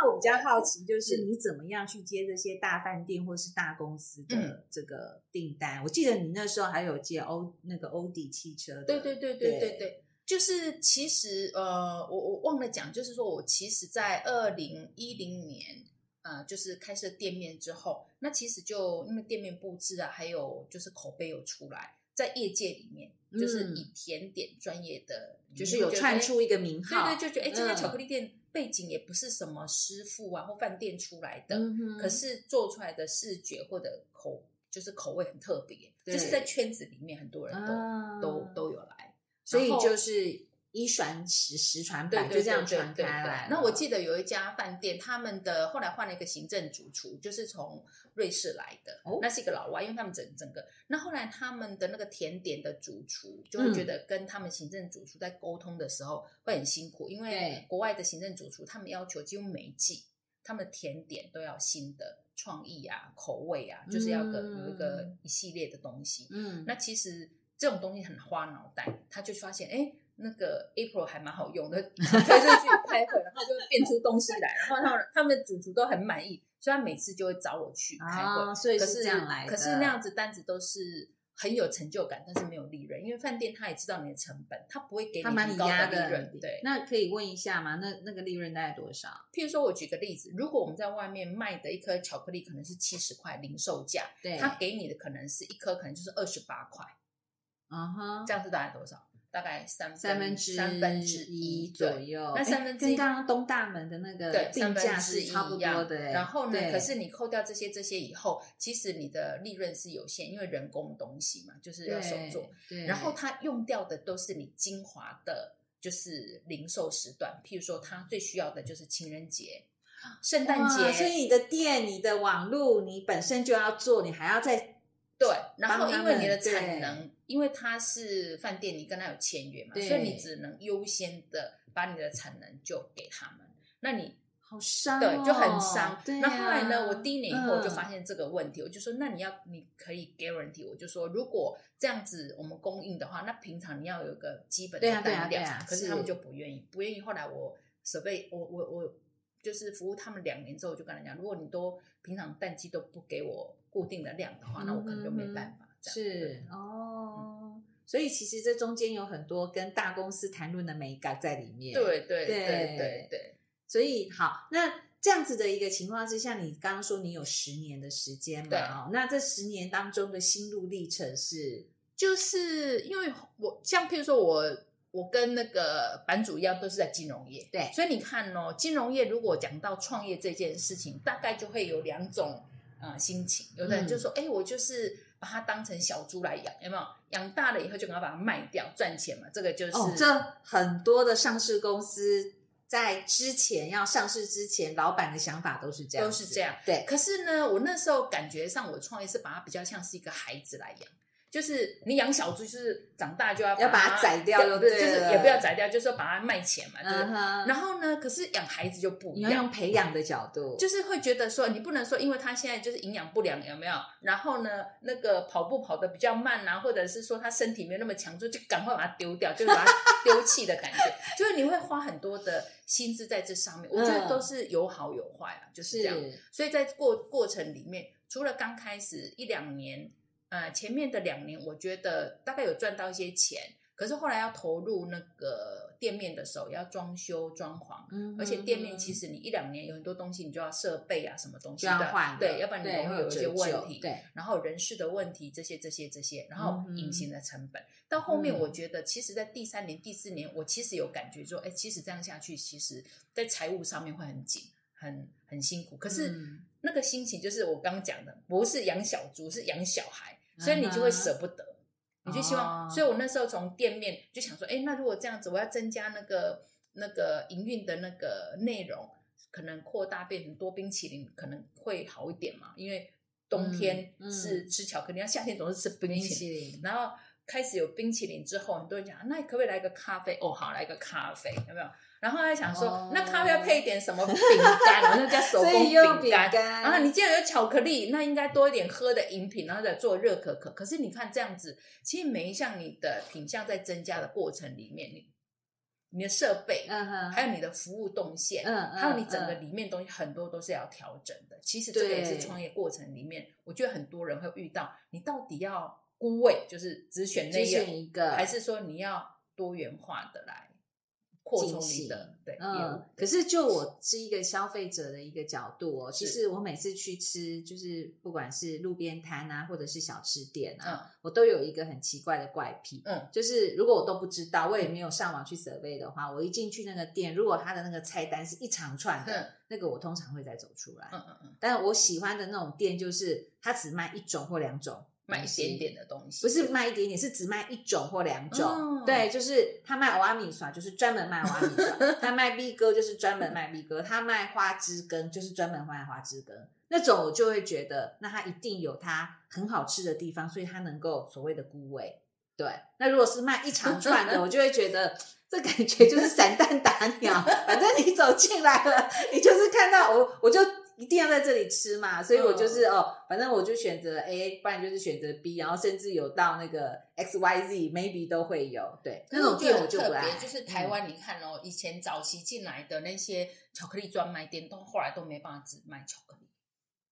那我比較好奇，就是你怎麼樣去接這些大飯店或是大公司的這個訂單、嗯。我記得你那時候還有接歐那個歐迪汽車的，對對對對對對，對就是其實呃，我我忘了講，就是說我其實在二零一零年呃，就是開設店面之後，那其實就因為、那個、店面布置啊，還有就是口碑有出來，在業界裡面就是以甜點專業的、嗯，就是有串出一個名號，對，對對，就覺得哎，這、欸、家巧克力店。嗯背景也不是什麼師傅啊或飯店出來的、嗯，可是做出來的視覺或者口就是口味很特別，就是在圈子裡面很多人都、啊、都都有來，所以就是。一傳十，十傳百。對對對對對對，就這樣傳開來。那我記得有一家飯店，他們的後來換了一個行政主廚，就是從瑞士來的，哦。那是一個老外，因為他們整個整個。那後來他們的那個甜點的主廚，就會覺得跟他們行政主廚在溝通的時候會很辛苦，嗯、因為國外的行政主廚他們要求幾乎每一季，他們甜點都要新的創意啊、口味啊，嗯、就是要有一個有一個一系列的東西。嗯，那其實這種東西很花腦袋，他就發現哎。欸那個 April 還蠻好用的，推出去開會，然後就變出東西來，然後他們他們主廚都很滿意，所以他每次就會找我去開會。啊，所以是這樣來的。可是那樣子單子都是很有成就感，但是沒有利潤，因為飯店他也知道你的成本，他不會給你很高的利潤。對，那可以問一下嗎？那那個利潤大概多少？譬如說，我舉個例子，如果我們在外面賣的一顆巧克力可能是七十塊零售價，對，他給你的可能是一顆，可能就是二十八塊，啊哈，這樣子大概多少？大概三分之三分之一左右一，那三分之一、欸、剛剛東大門的那個定價是一差不多的。一一然後呢，可是你扣掉這些這些以後，其實你的利潤是有限，因為人工東西嘛，就是要手做。對，然後他用掉的都是你精華的，就是零售時段。譬如說，他最需要的就是情人節、聖誕節、哦。所以你的店、你的網路，你本身就要做，你還要再對，對。然後，因為你的產能。因為他是飯店，你跟他有簽約嘛，所以你只能優先的把你的產能就給他們。那你好傷、哦，對，就很傷。那、啊、後，後來呢，我第一年以後就發現這個問題，嗯、我就說，那你要你可以 guarantee，我就說，如果這樣子我們供應的話，那平常你要有個基本的單量、啊啊啊，可是他們就不願意，不願意。後來我設備，我我我就是服務他們兩年之後，我就跟他講，如果你都平常淡季都不給我固定的量的話，嗯、那我可能就沒辦法。是哦、嗯，所以其實這中間有很多跟大公司談論的眉角在裡面。對對對對對，所以好，那這樣子的一個情況是像你剛剛說你有十年的時間嘛對、哦？那這十年當中的心路歷程是，就是因為我像譬如說我我跟那個版主一樣，都是在金融業。對，所以你看哦，金融業如果講到創業這件事情，大概就會有兩種呃心情，有人就說：“哎、嗯，我就是。”把它當成小豬來養，有沒有？養大了以後就給它把它賣掉賺錢嘛。這個就是。哦，這很多的上市公司在之前要上市之前，老闆的想法都是這樣，都是這樣。對，可是呢，我那時候感覺上我創業是把它比較像是一個孩子來養。就是你養小豬，就是長大就要把要把它宰掉，對了，就是也不要宰掉，就是把它賣錢嘛。對。Uh -huh. 然後呢，可是養孩子就不，一樣。養培養的角度，就是會覺得說，你不能說因為他現在就是營養不良，有沒有？然後呢，那個跑步跑得比較慢啊，或者是說他身體沒有那麼強壯，就趕快把它丟掉，就是、把它丟棄的感覺。 就是你會花很多的心思在這上面，我覺得都是有好有壞啊，就是這樣。Uh -huh. 所以在過過程裡面，除了剛開始一兩年。呃，前面的兩年，我覺得大概有賺到一些錢，可是後來要投入那個店面的時候，要裝修裝潢，嗯，而且店面其實你一兩年有很多東西，你就要設備啊，什麼東西要換，對，對，對，要不然你容易有一些問題，對，對，然後人事的問題，這些這些這些，然後隱形的成本，嗯、到後面我覺得，其實，在第三年，嗯，第四年，我其實有感覺說，哎，其實這樣下去，其實在財務上面會很緊，很很辛苦，可是那個心情就是我剛剛講的，不是養小豬，是養小孩。 所以你就會捨不得，你就希望。哦，所以我那時候從店面就想說，哎，那如果這樣子，我要增加那個那個營運的那個內容，可能擴大變成多冰淇淋，可能會好一點嘛。因為冬天是吃巧克力，嗯嗯、夏天總是吃冰淇、冰淇淋。然後開始有冰淇淋之後，你都會講，那可不可以來個咖啡？哦，好，來個咖啡，有沒有？然後他想說，oh. 那咖啡要配一點什麼餅乾？那 叫手工餅乾、餅乾。然後你既然有巧克力，那應該多一點喝的飲品，然後再做熱可可。可是你看這樣子，其實每一項你的品項在增加的過程裡面，你你的設備，嗯哼，還有你的服務動線，嗯、uh -huh. 還有你整個裡面的東西很多都是要調整的。Uh -huh. 其實這個也是創業過程裡面，我覺得很多人會遇到。你到底要孤味，就是只選那樣只選一個，還是說你要多元化的來？擴充的，對，嗯，可是就我是一個消費者的一個角度哦，喔，其實我每次去吃，就是不管是路邊攤啊，或者是小吃店啊，嗯，我都有一個很奇怪的怪癖，嗯，就是如果我都不知道，我也沒有上網去 survey 的話，我一進去那個店，如果它的那個菜單是一長串的，嗯，那個我通常會再走出來，嗯嗯嗯，但是我喜歡的那種店，就是它只賣一種或兩種。買一點點的東西、嗯，不是賣一點點，是只賣一種或兩種、嗯。對，就是他賣蚵仔麵線，就是專門賣蚵仔麵線 他賣米糕，就是專門賣米糕；他賣花枝羹，就是專門賣花枝羹。那種我就會覺得，那他一定有他很好吃的地方，所以他能夠所謂的孤味。對，那如果是賣一長串的， 我就會覺得這感覺就是散彈打鳥，反正你走進來了，你就是看到我，我就。一定要在這裡吃嘛，所以我就是、嗯、哦，反正我就選擇 A，不然就是選擇 B，然後甚至有到那個 XYZ，maybe 都會有。對，那種就很特別、嗯。就是台灣，你看哦，以前早期進來的那些巧克力專賣店，都後來都沒辦法只賣巧克力，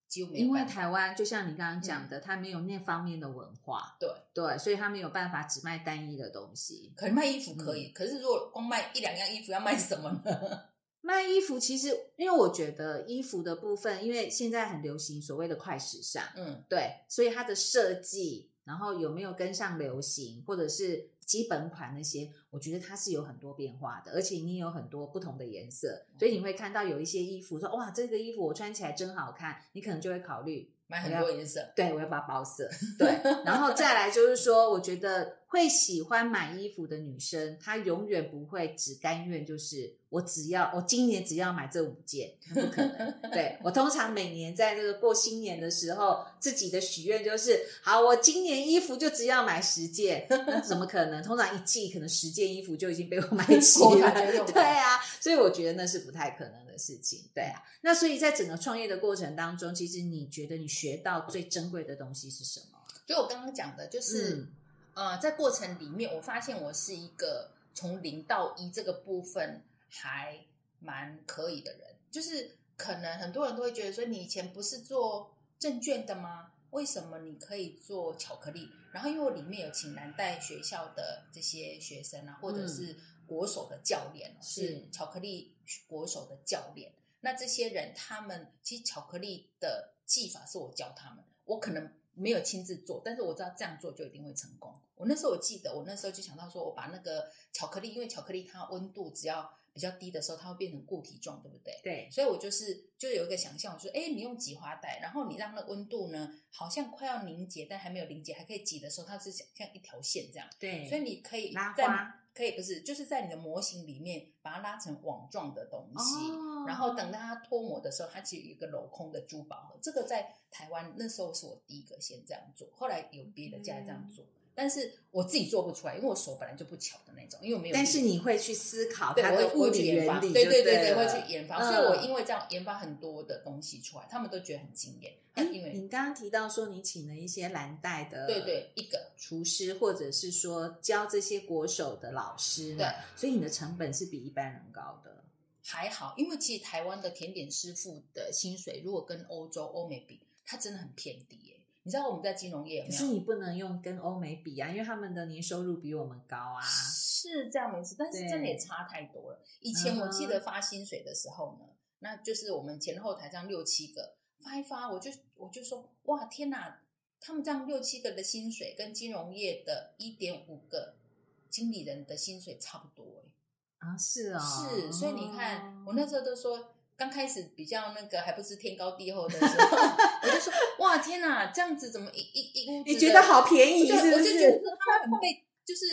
幾乎沒有。因為台灣就像你剛剛講的、嗯，它沒有那方面的文化。對對，所以它沒有辦法只賣單一的東西。可是賣衣服可以，嗯、可是如果光賣一兩樣衣服，要賣什麼呢？賣衣服其實，因為我覺得衣服的部分，因為現在很流行所謂的快時尚，嗯，對，所以它的設計，然後有沒有跟上流行，或者是基本款那些，我覺得它是有很多變化的，而且你有很多不同的顏色，所以你會看到有一些衣服說，哇，這個衣服我穿起來真好看，你可能就會考慮買很多顏色，對，我要把它包色。對， 然後再來就是說，我覺得。對，喜歡買衣服的女生，她永遠不會只甘願，就是我只要我今年只要買這五件，不可能。對，我通常每年在這個過新年的時候，自己的許願就是，好，我今年衣服就只要買十件，那怎麼可能？通常一季可能十件衣服就已經被我買齊了。 對啊，所以我覺得那是不太可能的事情。對啊，那所以在整個創業的過程當中，其實你覺得你學到最珍貴的東西是什麼？就我剛剛講的，就是。嗯呃，在過程裡面，我發現我是一個從零到一這個部分還蠻可以的人。就是可能很多人都會覺得說，你以前不是做證券的嗎？為什麼你可以做巧克力？然後因為我裡面有請南大學校的這些學生啊，或者是國手的教練啊，嗯，是巧克力國手的教練。那這些人，他們其實巧克力的技法是我教他們，我可能。沒有親自做，但是我知道這樣做就一定會成功。我那時候我記得，我那時候就想到說，我把那個巧克力，因為巧克力它溫度只要比較低的時候，它會變成固體狀，對不對？對。所以我就是，就有一個想象，我說，誒，欸，你用擠花袋，然後你讓那溫度呢，好像快要凝結，但還沒有凝結，還可以擠的時候，它是像像一條線這樣。對。所以你可以在可以不是，就是在你的模型裡面把它拉成網狀的東西。哦。嗯、然後等到它脫模的時候，它其實有一個鏤空的珠寶盒。這個在台灣那時候是我第一個先這樣做，後來有別的家這樣做、嗯，但是我自己做不出來，因為我手本來就不巧的那種，因為我沒有。但是你會去思考它的物理原理對，對對對對，對，對，對對對，會去研發。嗯、所以，我因為這樣研發很多的東西出來，他們都覺得很驚艷。嗯、因為你剛剛提到說你請了一些藍帶的，對對，一個廚師或者是說教這些國手的老師，對，所以你的成本是比一般人高的。還好，因為其實台灣的甜點師傅的薪水，如果跟歐洲歐美比，它真的很偏低耶。你知道我們在金融業有沒有？可是你不能用跟歐美比啊，因為他們的年收入比我們高啊。是這樣沒錯，但是真的也差太多了。以前我記得發薪水的時候呢，uh -huh. 那就是我們前後台這樣六七個發一發我，我就我就說哇天哪、啊，他們這樣六七個的薪水跟金融業的一點五個經理人的薪水差不多耶。是啊、哦，是，所以你看，嗯、我那時候都說，剛開始比較那個還不知天高地厚的時候， 我就說哇天啊，這樣子怎麼一一一屋子？你覺得好便宜是不是？對，我就覺得他很被 就是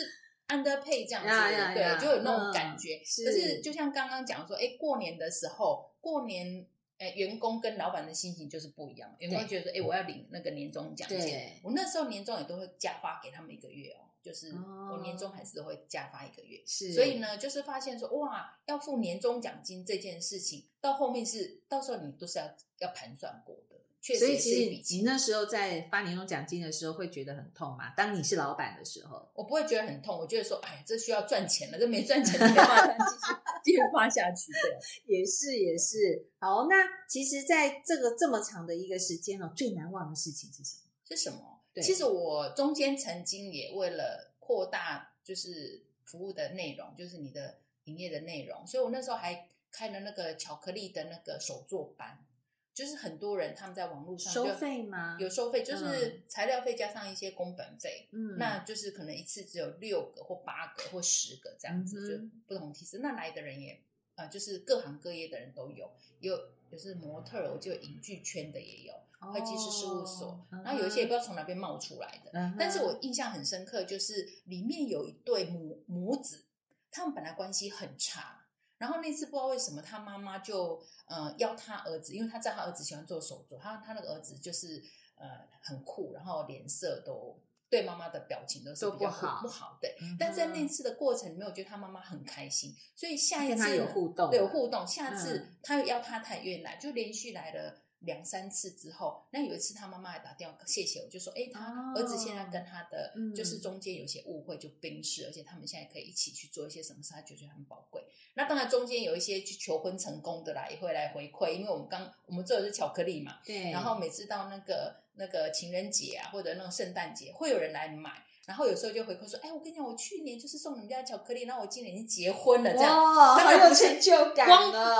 under pay 這樣子 yeah, yeah, yeah. 對，就有那種感覺。嗯、可是就像剛剛講說，哎、欸，過年的時候，過年，哎、呃，員工跟老闆的心情就是不一樣。員工覺得說，哎、欸，我要領那個年終獎金對。我那時候年終也都會加發給他們一個月哦。就是我年終還是會加發一個月。哦，是，所以呢，就是發現說，哇，要付年終獎金這件事情，到後面是，到時候你都是要要盤算過的。確實是一筆錢。所以其實你那時候在發年終獎金的時候，會覺得很痛嗎？當你是老闆的時候。嗯，我不會覺得很痛，我覺得說，哎，這需要賺錢了，這沒賺錢的話，繼續繼續 發下去，對。也是也是。好，那其實，在這個這麼長的一個時間呢，最難忘的事情是什麼？是什麼？對，其實我中間曾經也為了擴大，就是服務的內容，就是你的營業的內容，所以我那時候還開了那個巧克力的那個手作班，就是很多人他們在網絡上收費嗎？有收費，就是材料費加上一些工本費，嗯，那就是可能一次只有六個或八個或十個這樣子，嗯、就不同梯次。那來的人也啊、呃，就是各行各業的人都有，有就是模特，我就影劇圈的也有。會計師事務所、哦嗯，然後有一些也不知道從哪邊冒出來的，嗯、但是我印象很深刻，就是裡面有一對母母子，他們本來關係很差，然後那次不知道為什麼他媽媽就嗯邀、呃、他兒子，因為他知道他兒子喜歡做手作，他他那個兒子就是呃很酷，然後臉色都對媽媽的表情都是比較不好，不好對，嗯、但在那次的過程裡面，我覺得他媽媽很開心，所以下一次有，有互動，對，有互動，下次他又邀他太遠來、嗯，就連續來了。兩三次之後，那有一次他媽媽還打電話謝謝我，就說：“哎，他兒子現在跟他的就是中間有些誤會，就冰釋，而且他們現在可以一起去做一些什麼事，他覺得很寶貴。那當然中間有一些去求婚成功的啦，也會來回饋，因為我們剛我們做的是巧克力嘛，對。然後每次到那個那個情人節啊，或者那種聖誕節，會有人來買。”然後有時候就回饋說：“哎，我跟你講，我去年就是送你們家巧克力，然後我今年已經結婚了，這樣，哇，很有成就感。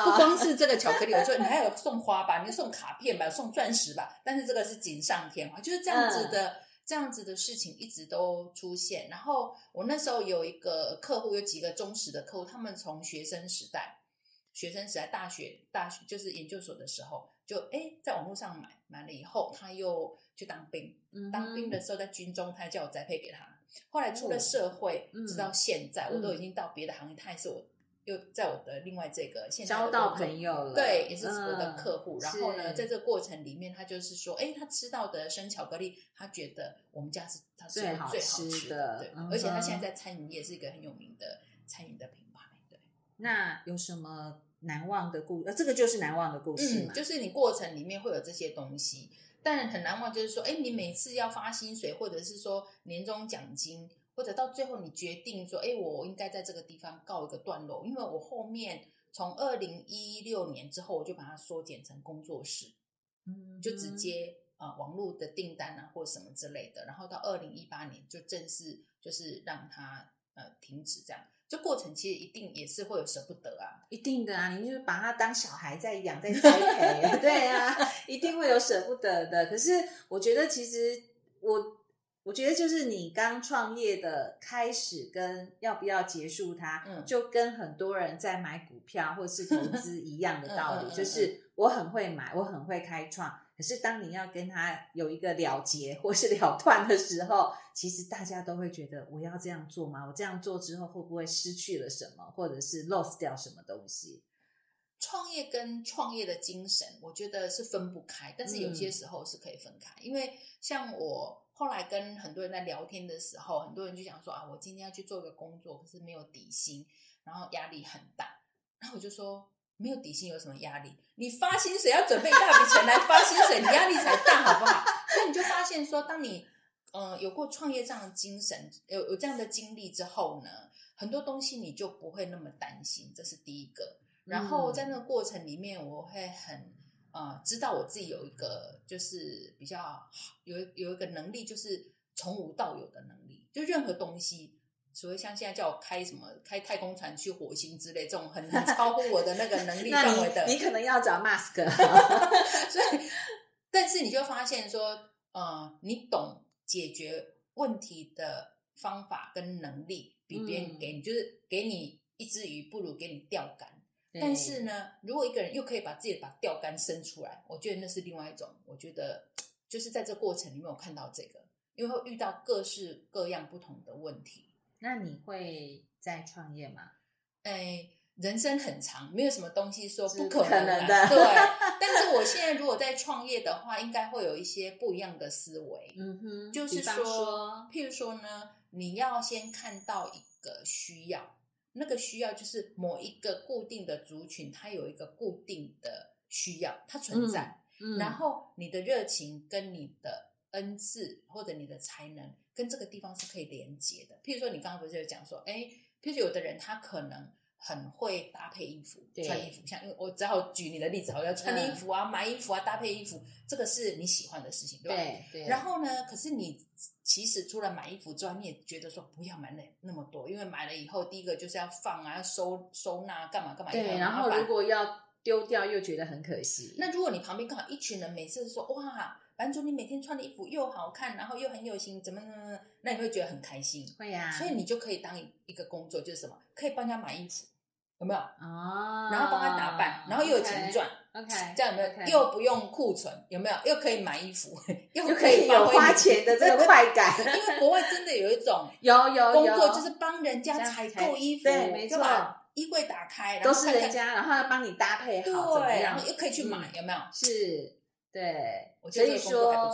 不光是這個巧克力，我說你還有送花吧，你送卡片吧，送鑽石吧，但是這個是錦上添花，就是這樣子的。嗯，這樣子的事情一直都出現。然後我那時候有一個客戶，有幾個忠實的客戶，他們從學生時代、學生時代、大學、大學就是研究所的時候，就哎，在網絡上買買了以後，他又。”去當兵，當兵的時候在軍中，他叫我宅配給他，嗯。後來出了社會，嗯、直到現在、嗯，我都已經到別的行業。他也是我，又在我的另外這個現，交到朋友了，對，也是我的客戶。嗯、然後呢，在這個過程裡面，他就是說，哎、欸，他吃到的生巧克力，他覺得我們家是，他是最好最好吃的。對，而且他現在在餐飲業是一個很有名的餐飲的品牌。那有什麼難忘的故？呃、啊，這個就是難忘的故事嘛，嗯，就是你過程裡面會有這些東西。但很難忘，就是說，哎，你每次要發薪水，或者是說年終獎金，或者到最後你決定說，哎，我應該在這個地方告一個段落，因為我後面從二零一六年之後，我就把它縮減成工作室，嗯，就直接啊網絡的訂單啊或什麼之類的，然後到二零一八年就正式就是讓它呃停止這樣。這過程其實一定也是會有捨不得啊，一定的啊，你就是把它當小孩在養，在栽培， 對啊，一定會有捨不得的。可是我覺得，其實我我覺得就是你剛創業的開始跟要不要結束它，嗯，就跟很多人在買股票或者是投資一樣的道理 嗯嗯嗯，就是我很會買，我很會開創。可是，當你要跟他有一個了結或是了斷的時候，其實大家都會覺得：我要這樣做嗎？我這樣做之後會不會失去了什麼，或者是 lost 掉什麼東西？創業跟創業的精神，我覺得是分不開，但是有些時候是可以分開，嗯。因為像我後來跟很多人在聊天的時候，很多人就想說：啊，我今天要去做個工作，可是沒有底薪，然後壓力很大。然後我就說。沒有底薪有什麼壓力？你發薪水要準備一大筆錢來發薪水， 你壓力才大，好不好？ 所以你就發現說，當你、呃、有過創業這樣的精神，有有這樣的經歷之後呢，很多東西你就不會那麼擔心，這是第一個。然後在那個過程裡面，我會很呃知道我自己有一個就是比較有有一個能力，就是從無到有的能力，就任何東西。所以，像現在叫我開什麼開太空船去火星之類，這種很、很超乎我的那個能力範圍的 你，你可能要找馬斯克。所以，但是你就發現說，呃，你懂解決問題的方法跟能力，比別人給你、嗯、就是給你一只魚，不如給你釣竿、嗯。但是呢，如果一個人又可以把自己把釣竿伸出來，我覺得那是另外一種。我覺得就是在這過程裡面有看到這個，因為會遇到各式各樣不同的問題。那你會再創業嗎？哎，人生很長，沒有什麼東西說不可能、啊、可能的。 對，但是我現在如果在創業的話，應該會有一些不一樣的思維。嗯哼，就是說，說，譬如說呢，你要先看到一個需要，那個需要就是某一個固定的族群，它有一個固定的需要，它存在。嗯嗯、然後你的熱情跟你的恩賜或者你的才能。跟這個地方是可以連接的，譬如說你剛剛不是有講說，誒、欸、譬如有的人他可能很會搭配衣服，對、穿衣服，像因為我只好舉你的例子，好，要穿衣服啊，嗯、買衣服啊，搭配衣服，這個是你喜歡的事情對吧？對。對。然後呢，可是你其實除了買衣服之外，你也覺得說不要買那那麼多，因為買了以後，第一個就是要放啊，要收收納，幹嘛幹嘛，嘛，對。然後如果要丟掉，又覺得很可惜。那如果你旁邊剛好一群人，每次說哇。版主，你每天穿的衣服又好看，然後又很有型，怎麼怎麼，那你會覺得很開心。會呀、啊，所以你就可以當一個工作，就是什麼，可以幫人家買衣服，有沒有？哦。然後幫他打扮，哦、然後又有錢賺。OK。這樣有沒有？Okay, 又不用庫存，okay. 有沒有又？又可以買衣服，又可以有花錢的這個快感。因為國外真的有一種有有工作，就是幫人家採購衣服，對，沒錯。衣櫃打開。然後看看都是人家，然後要幫你搭配好，對，怎麼樣然後又可以去買，嗯、有沒有？是。對，所以說，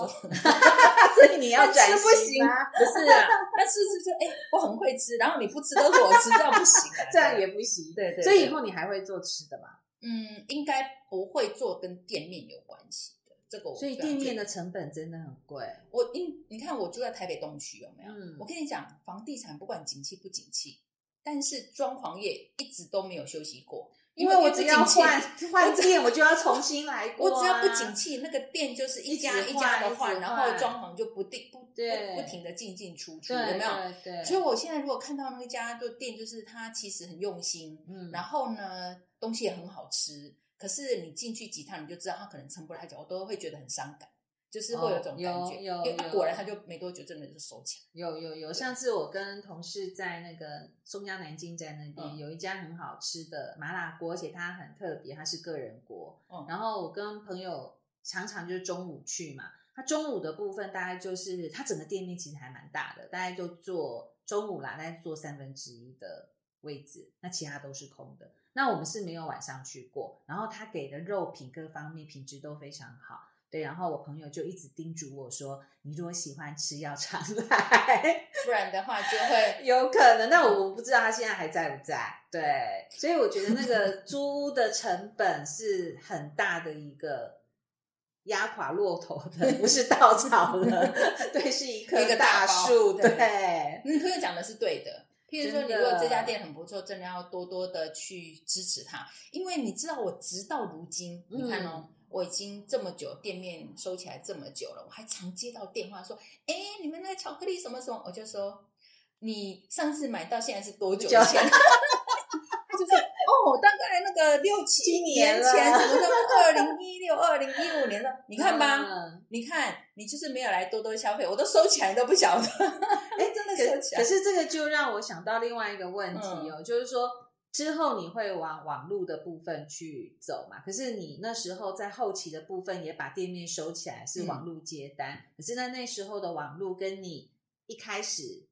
所以你要轉型， 但吃不，行啊、不是、啊？那是不是就哎，我很會吃，然後你不吃都是我吃到不行， 這樣也不行對對。對，所以以後你還會做吃的嗎？嗯，應該不會做跟店面有關係的這個我覺得。所以店面的成本真的很貴。我因你看，我住在台北東區，有沒有、嗯？我跟你講，房地產不管景氣不景氣，但是裝潢業一直都沒有休息過。因為我因為只要換換 店，我就要重新來過啊。我只要不景氣，那個店就是一家一家的換，然後裝潢就不定，不不，不，不停的進進出出，對對對，有沒有？所以我現在如果看到那家的店，就是他其實很用心，嗯，然後呢，東西也很好吃，可是你進去幾趟，你就知道他可能撐不了太久，我都會覺得很傷感。就是會有這種感覺，哦、有有有，因為果然他就沒多久，真的就收起來。有有有，上次我跟同事在那個松江南京站那邊有一家很好吃的麻辣鍋，而且它很特別，它是個人鍋、嗯。然後我跟朋友常常就是中午去嘛，他中午的部分大概就是他整個店面其實還蠻大的，大概就坐中午啦，大概坐三分之一的位置，那其他都是空的。那我們是沒有晚上去過，然後他給的肉品各方面品質都非常好。對，然後我朋友就一直叮囑我說：“你如果喜歡吃，要常來，不然的話就會 有可能。”那我我不知道他現在還在不在。對，所以我覺得那個租的成本是很大的一個壓垮駱駝的，不是稻草的 對，是一棵大樹。個大對，朋友、嗯嗯、講的是對的。譬如說，你如果這家店很不錯，真的要多多的去支持他，因為你知道，我直到如今，嗯、你看哦。我已經這麼久店面收起來這麼久了，我還常接到電話說：“哎、欸，你們那個巧克力什麼什麼？”我就說：“你上次買到現在是多久前？”他 就說、是、哦，大概那個六七年前什麼什麼，二零一六、二零一五年了。2016，年了 你看吧，嗯嗯，你看，你就是沒有來多多消費，我都收起來都不曉得。哎、 欸，真的收起來可。可是這個就讓我想到另外一個問題哦，嗯、就是說。之後你會往網路的部分去走嘛？可是你那時候在後期的部分也把店面收起來，是網路接單。嗯、可是那那時候的網路跟你一開始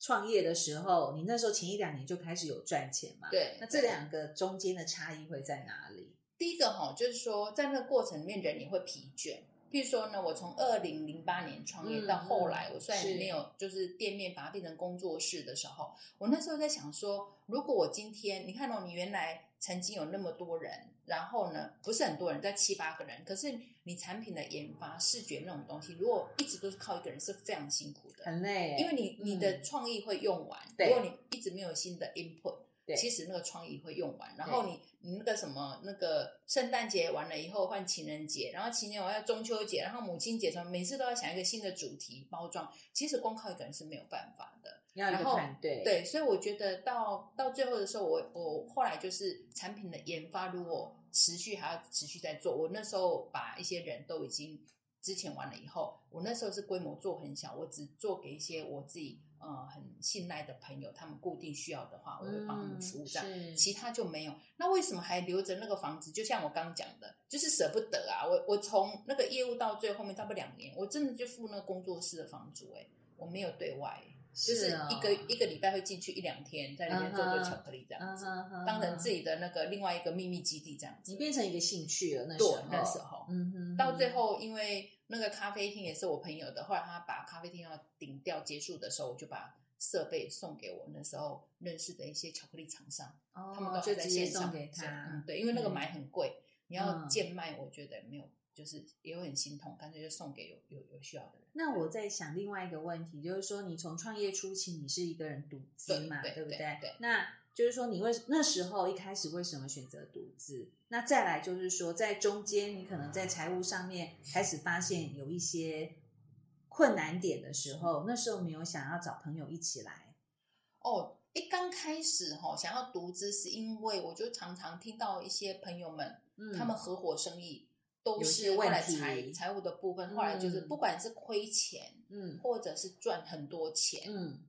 創業的時候，你那時候前一兩年就開始有賺錢嘛？對、嗯。那這兩個中間的差異會在哪裡？嗯、第一個哈，就是說在那個過程裡面，人你會疲倦。比如說呢，我從二零零八年創業到後來，嗯嗯、我雖然沒有就是店面，把它變成工作室的時候，我那時候在想說，如果我今天你看哦，你原來曾經有那麼多人，然後呢不是很多人，在七八個人，可是你產品的研發、視覺那種東西，如果一直都是靠一個人，是非常辛苦的，很累，因為你、嗯、你的創意會用完，如果你一直沒有新的 input。其實那個創意會用完，然後你你那個什麼那個聖誕節完了以後換情人節，然後情人節完要中秋節，然後母親節什麼，每次都要想一個新的主題包裝。其實光靠一個人是沒有辦法的。那然後對，對，所以我覺得到到最後的時候，我我後來就是產品的研發，如果持續還要持續在做，我那時候把一些人都已經之前完了以後，我那時候是規模做很小，我只做給一些我自己。呃、嗯，很信賴的朋友，他們固定需要的話，我會幫他們服務。這樣、嗯，其他就沒有。那為什麼還留着那個房子？就像我剛講的，就是捨不得啊。我我從那個業務到最後面，差不多兩年，我真的就付那個工作室的房租。哎，我沒有對外、欸哦，就是一個一個禮拜會進去一兩天，在裡面做做巧克力這樣子。Uh -huh, uh -huh, uh -huh. 當然，自己的那個另外一個秘密基地這樣子，你變成一個興趣了。那時候對那時候嗯哼嗯哼，到最後因為。那個咖啡廳也是我朋友的，後來他把咖啡廳要頂掉結束的時候，我就把設備送給我那時候認識的一些巧克力廠商、哦，他們都在線上，就直接送給他、嗯，對，因為那個買很貴、嗯，你要賤賣，我覺得沒有，就是也會很心痛，乾脆就送給有有有需要的人。那我在想另外一個問題，就是說你從創業初期你是一個人獨資嘛，對對對，對不對？對對那就是說你會，你為那時候一開始為什麼選擇獨資？那再來就是說，在中間你可能在財務上面開始發現有一些困難點的時候，那時候沒有想要找朋友一起來。哦，一剛開始哦，想要獨資是因為我就常常聽到一些朋友們，嗯，他們合夥生意都是為了財財務的部分，後來就是不管是虧錢，嗯，或者是賺很多錢，嗯。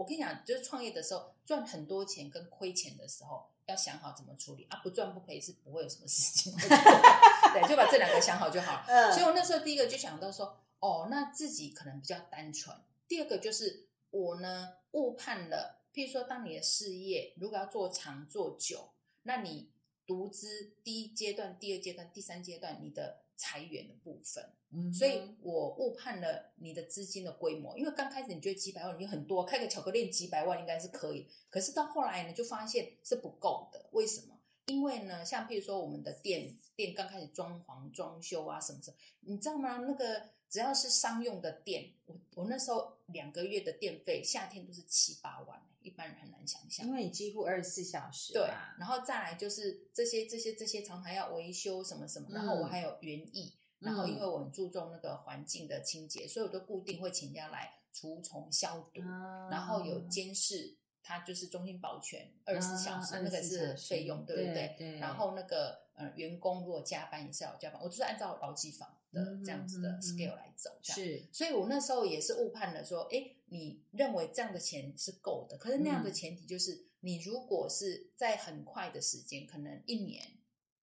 我跟你講，就是創業的時候賺很多錢跟虧錢的時候，要想好怎麼處理啊！不賺不賠是不會有什麼事情的， 對，就把這兩個想好就好。所以我那時候第一個就想到說，哦，那自己可能比較單純；第二個就是我呢誤判了，譬如說，當你的事業如果要做長做久，那你獨資第一階段、第二階段、第三階段，你的。裁員的部分，所以我誤判了你的資金的規模，因為剛開始你覺得幾百萬你很多，開個巧克力店幾百萬應該是可以，可是到後來呢，就發現是不夠的。為什麼？因為呢，像譬如說我們的店，店剛開始裝潢、裝修啊什麼什麼，你知道嗎？那個只要是商用的店，我我那時候。兩個月的電費，夏天都是七八萬，一般人很難想象。因為你幾乎二十四小時。對，然後再來就是這些這些這些常常要維修什麼什麼，然後我還有園藝、嗯，然後因為我很注重那個環境的清潔、嗯，所以我都固定會請人家來除蟲消毒、嗯，然後有監視，它就是中心保全二十四小時,、啊、小時那個是費用，對不對？對,對,對。然後那個呃員工如果加班也是要加班，我就是按照勞基法。的這樣子的 scale 來走，是，所以我那時候也是誤判了，說，誒、欸，你認為這樣的錢是夠的，可是那樣的前提就是，嗯、你如果是在很快的時間，可能一年、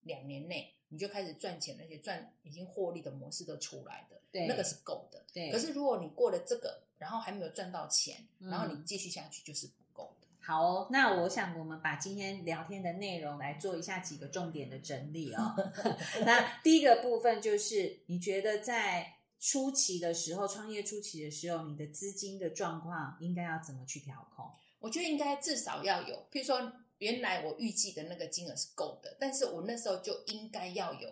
兩年內，你就開始賺錢，而且賺已經獲利的模式都出來的，對、嗯，那個是夠的，對。可是如果你過了這個，然後還沒有賺到錢、嗯，然後你繼續下去就是。好哦，那我想我們把今天聊天的內容來做一下幾個重點的整理哦。 那第一個部分就是，你覺得在初期的時候，創業初期的時候，你的資金的狀況應該要怎麼去調控？我覺得應該至少要有，譬如說原來我預計的那個金額是夠的，但是我那時候就應該要有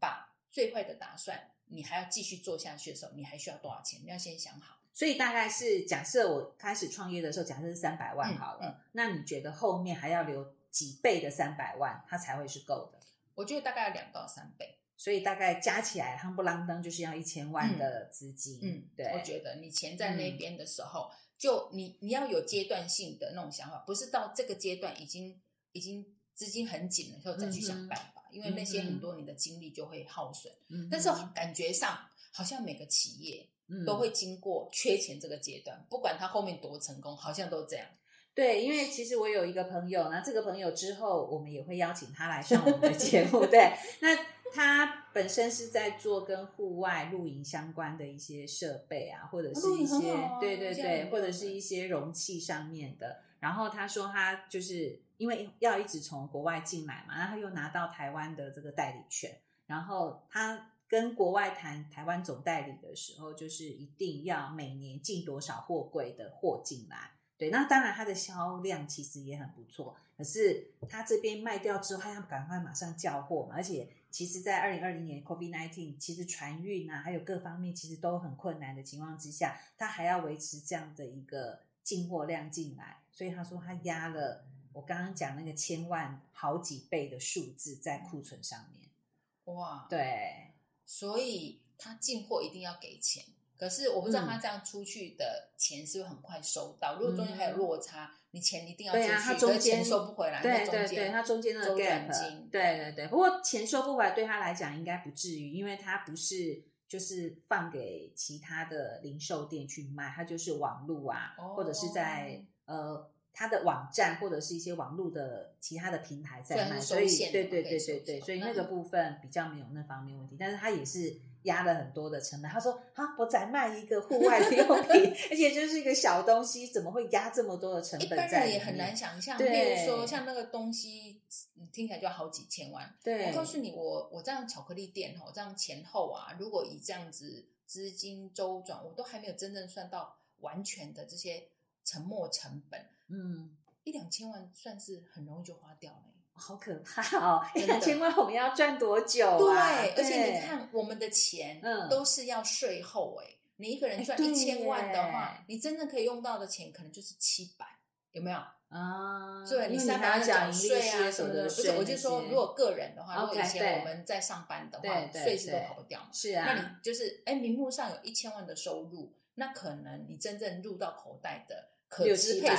把最壞的打算，你還要繼續做下去的時候，你還需要多少錢，你要先想好。所以大概是假設我開始創業的時候，假設是三百萬好了、嗯嗯，那你覺得後面還要留幾倍的三百萬，它才會是夠的？我覺得大概要兩到三倍。所以大概加起來夯不啷噹就是要一千萬的資金。嗯，對。我覺得你錢在那邊的時候，嗯、就你你要有階段性的那種想法，不是到這個階段已經已經資金很緊的時候再去想辦法、嗯，因為那些很多你的精力就會耗損、嗯。但是感覺上好像每個企業，都會經過缺錢這個階段，嗯，不管他後面多成功，好像都這樣。對，因為其實我有一個朋友，那這個朋友之後，我們也會邀請他來上我們的節目。 對，那他本身是在做跟戶外露營相關的一些設備啊，或者是一些，啊、對對對，對，或者是一些容器上面的。然後他說，他就是因為要一直從國外進來嘛，然後他又拿到台灣的這個代理權，然後他。跟國外談台灣總代理的時候，就是一定要每年進多少貨櫃的貨進來。對，那當然它的銷量其實也很不錯，可是他這邊賣掉之後，他要趕快馬上叫貨嘛。而且，其實，在二零二零年 COVID nineteen，其實船運啊，還有各方面，其實都很困難的情況之下，他還要維持這樣的一個進貨量進來。所以他說，他壓了我剛剛講那個千萬好幾倍的數字在庫存上面。哇，對。所以他進貨一定要給錢，可是我不知道他這樣出去的錢是不是很快收到。嗯、如果中間還有落差，嗯，你錢一定要自己。對啊，他中間收不回來。對對對，中間對對對，他中間的 gap 對對對，對對對，不過錢收不回來對他來講應該不至於，因為他不是就是放給其他的零售店去賣，他就是網路啊，哦哦或者是在呃。他的網站或者是一些網絡的其他的平台在賣，所以，以，所以對對對對對，所以那個部分比較沒有那方面問題，嗯、但是他也是壓了很多的成本。他說：“啊，我在賣一個戶外的用品， 而且就是一個小東西，怎麼會壓這麼多的成本在？”一般人也很難想象。比如說像那個東西，聽起來就要好幾千萬。對，我告訴你，我我這樣巧克力店哦，我這樣前後啊，如果以這樣子資金周轉，我都還沒有真正算到完全的這些沉沒成本。嗯，一兩千萬算是很容易就花掉了。好可怕哦！一兩千萬我們要賺多久啊？對、對而且你看我們的錢，嗯，都是要稅後哎、嗯。你一個人賺一千萬的話，你真正可以用到的錢可能就是七百，有沒有啊？對，因為你三百萬要繳稅啊什麼的。不是，我就說如果個人的話，如果以前我們在上班的話，稅、Okay, 是都跑不掉嘛。是啊。那你就是哎，名目上有一千萬的收入，那可能你真正入到口袋的。六七百，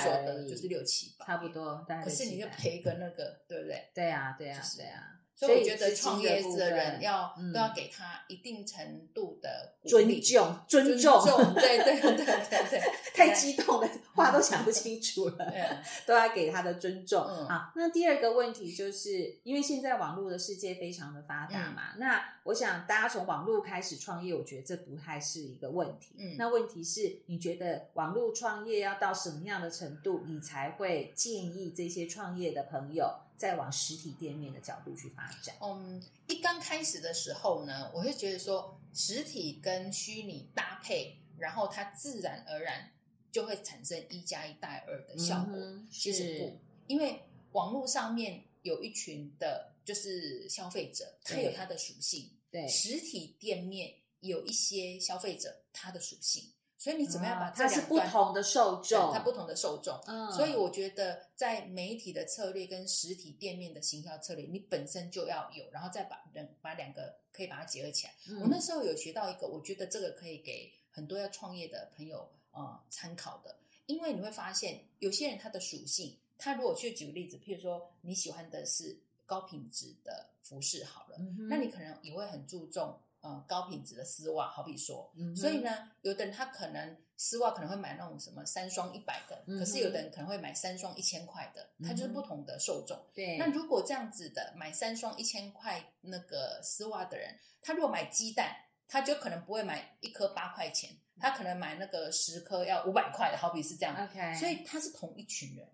就是六七百，差不多。但是，可是你就賠個那個、嗯，對不對？對呀、啊，對呀、啊就是，對呀、啊。所以，覺得創業的人要、嗯、都要給他一定程度的尊重，尊重，對對對對對，太激動了，話都講不清楚了、嗯，都要給他的尊重。啊、嗯，那第二個問題就是，因為現在網絡的世界非常的發達嘛、嗯，那我想大家從網絡開始創業，我覺得這不太是一個問題。嗯、那問題是，你覺得網絡創業要到什麼樣的程度，你才會建議這些創業的朋友？再往實體店面的角度去發展。嗯、um，一剛開始的時候呢，我會覺得說，實體跟虛擬搭配，然後它自然而然就會產生一加一大於二的效果。Mm -hmm. 其實不，因為網絡上面有一群的，就是消費者，他、mm -hmm. 有他的屬性；對、mm -hmm.，實體店面有一些消費者，他的屬性。所以你怎麼樣把、嗯、它是不同的受眾，它不同的受眾。嗯，所以我覺得在媒體的策略跟實體店面的行銷策略，你本身就要有，然後再把兩把兩個可以把它結合起來、嗯。我那時候有學到一個，我覺得這個可以給很多要創業的朋友啊、呃、參考的，因為你會發現有些人他的屬性，他如果去舉例子，譬如說你喜歡的是高品質的服飾，好了、嗯，那你可能也會很注重。呃、嗯，高品質的絲襪，好比說、嗯，所以呢，有的人他可能絲襪可能會買那種什麼三雙一百的、嗯，可是有的人可能會買三雙一千塊的，他、嗯、就是不同的受眾。對、嗯，那如果這樣子的買三雙一千塊那個絲襪的人，他如果買雞蛋，他就可能不會買一顆八塊錢，他可能買那個十顆要五百塊的，好比是這樣。OK，、嗯、所以他是同一群人。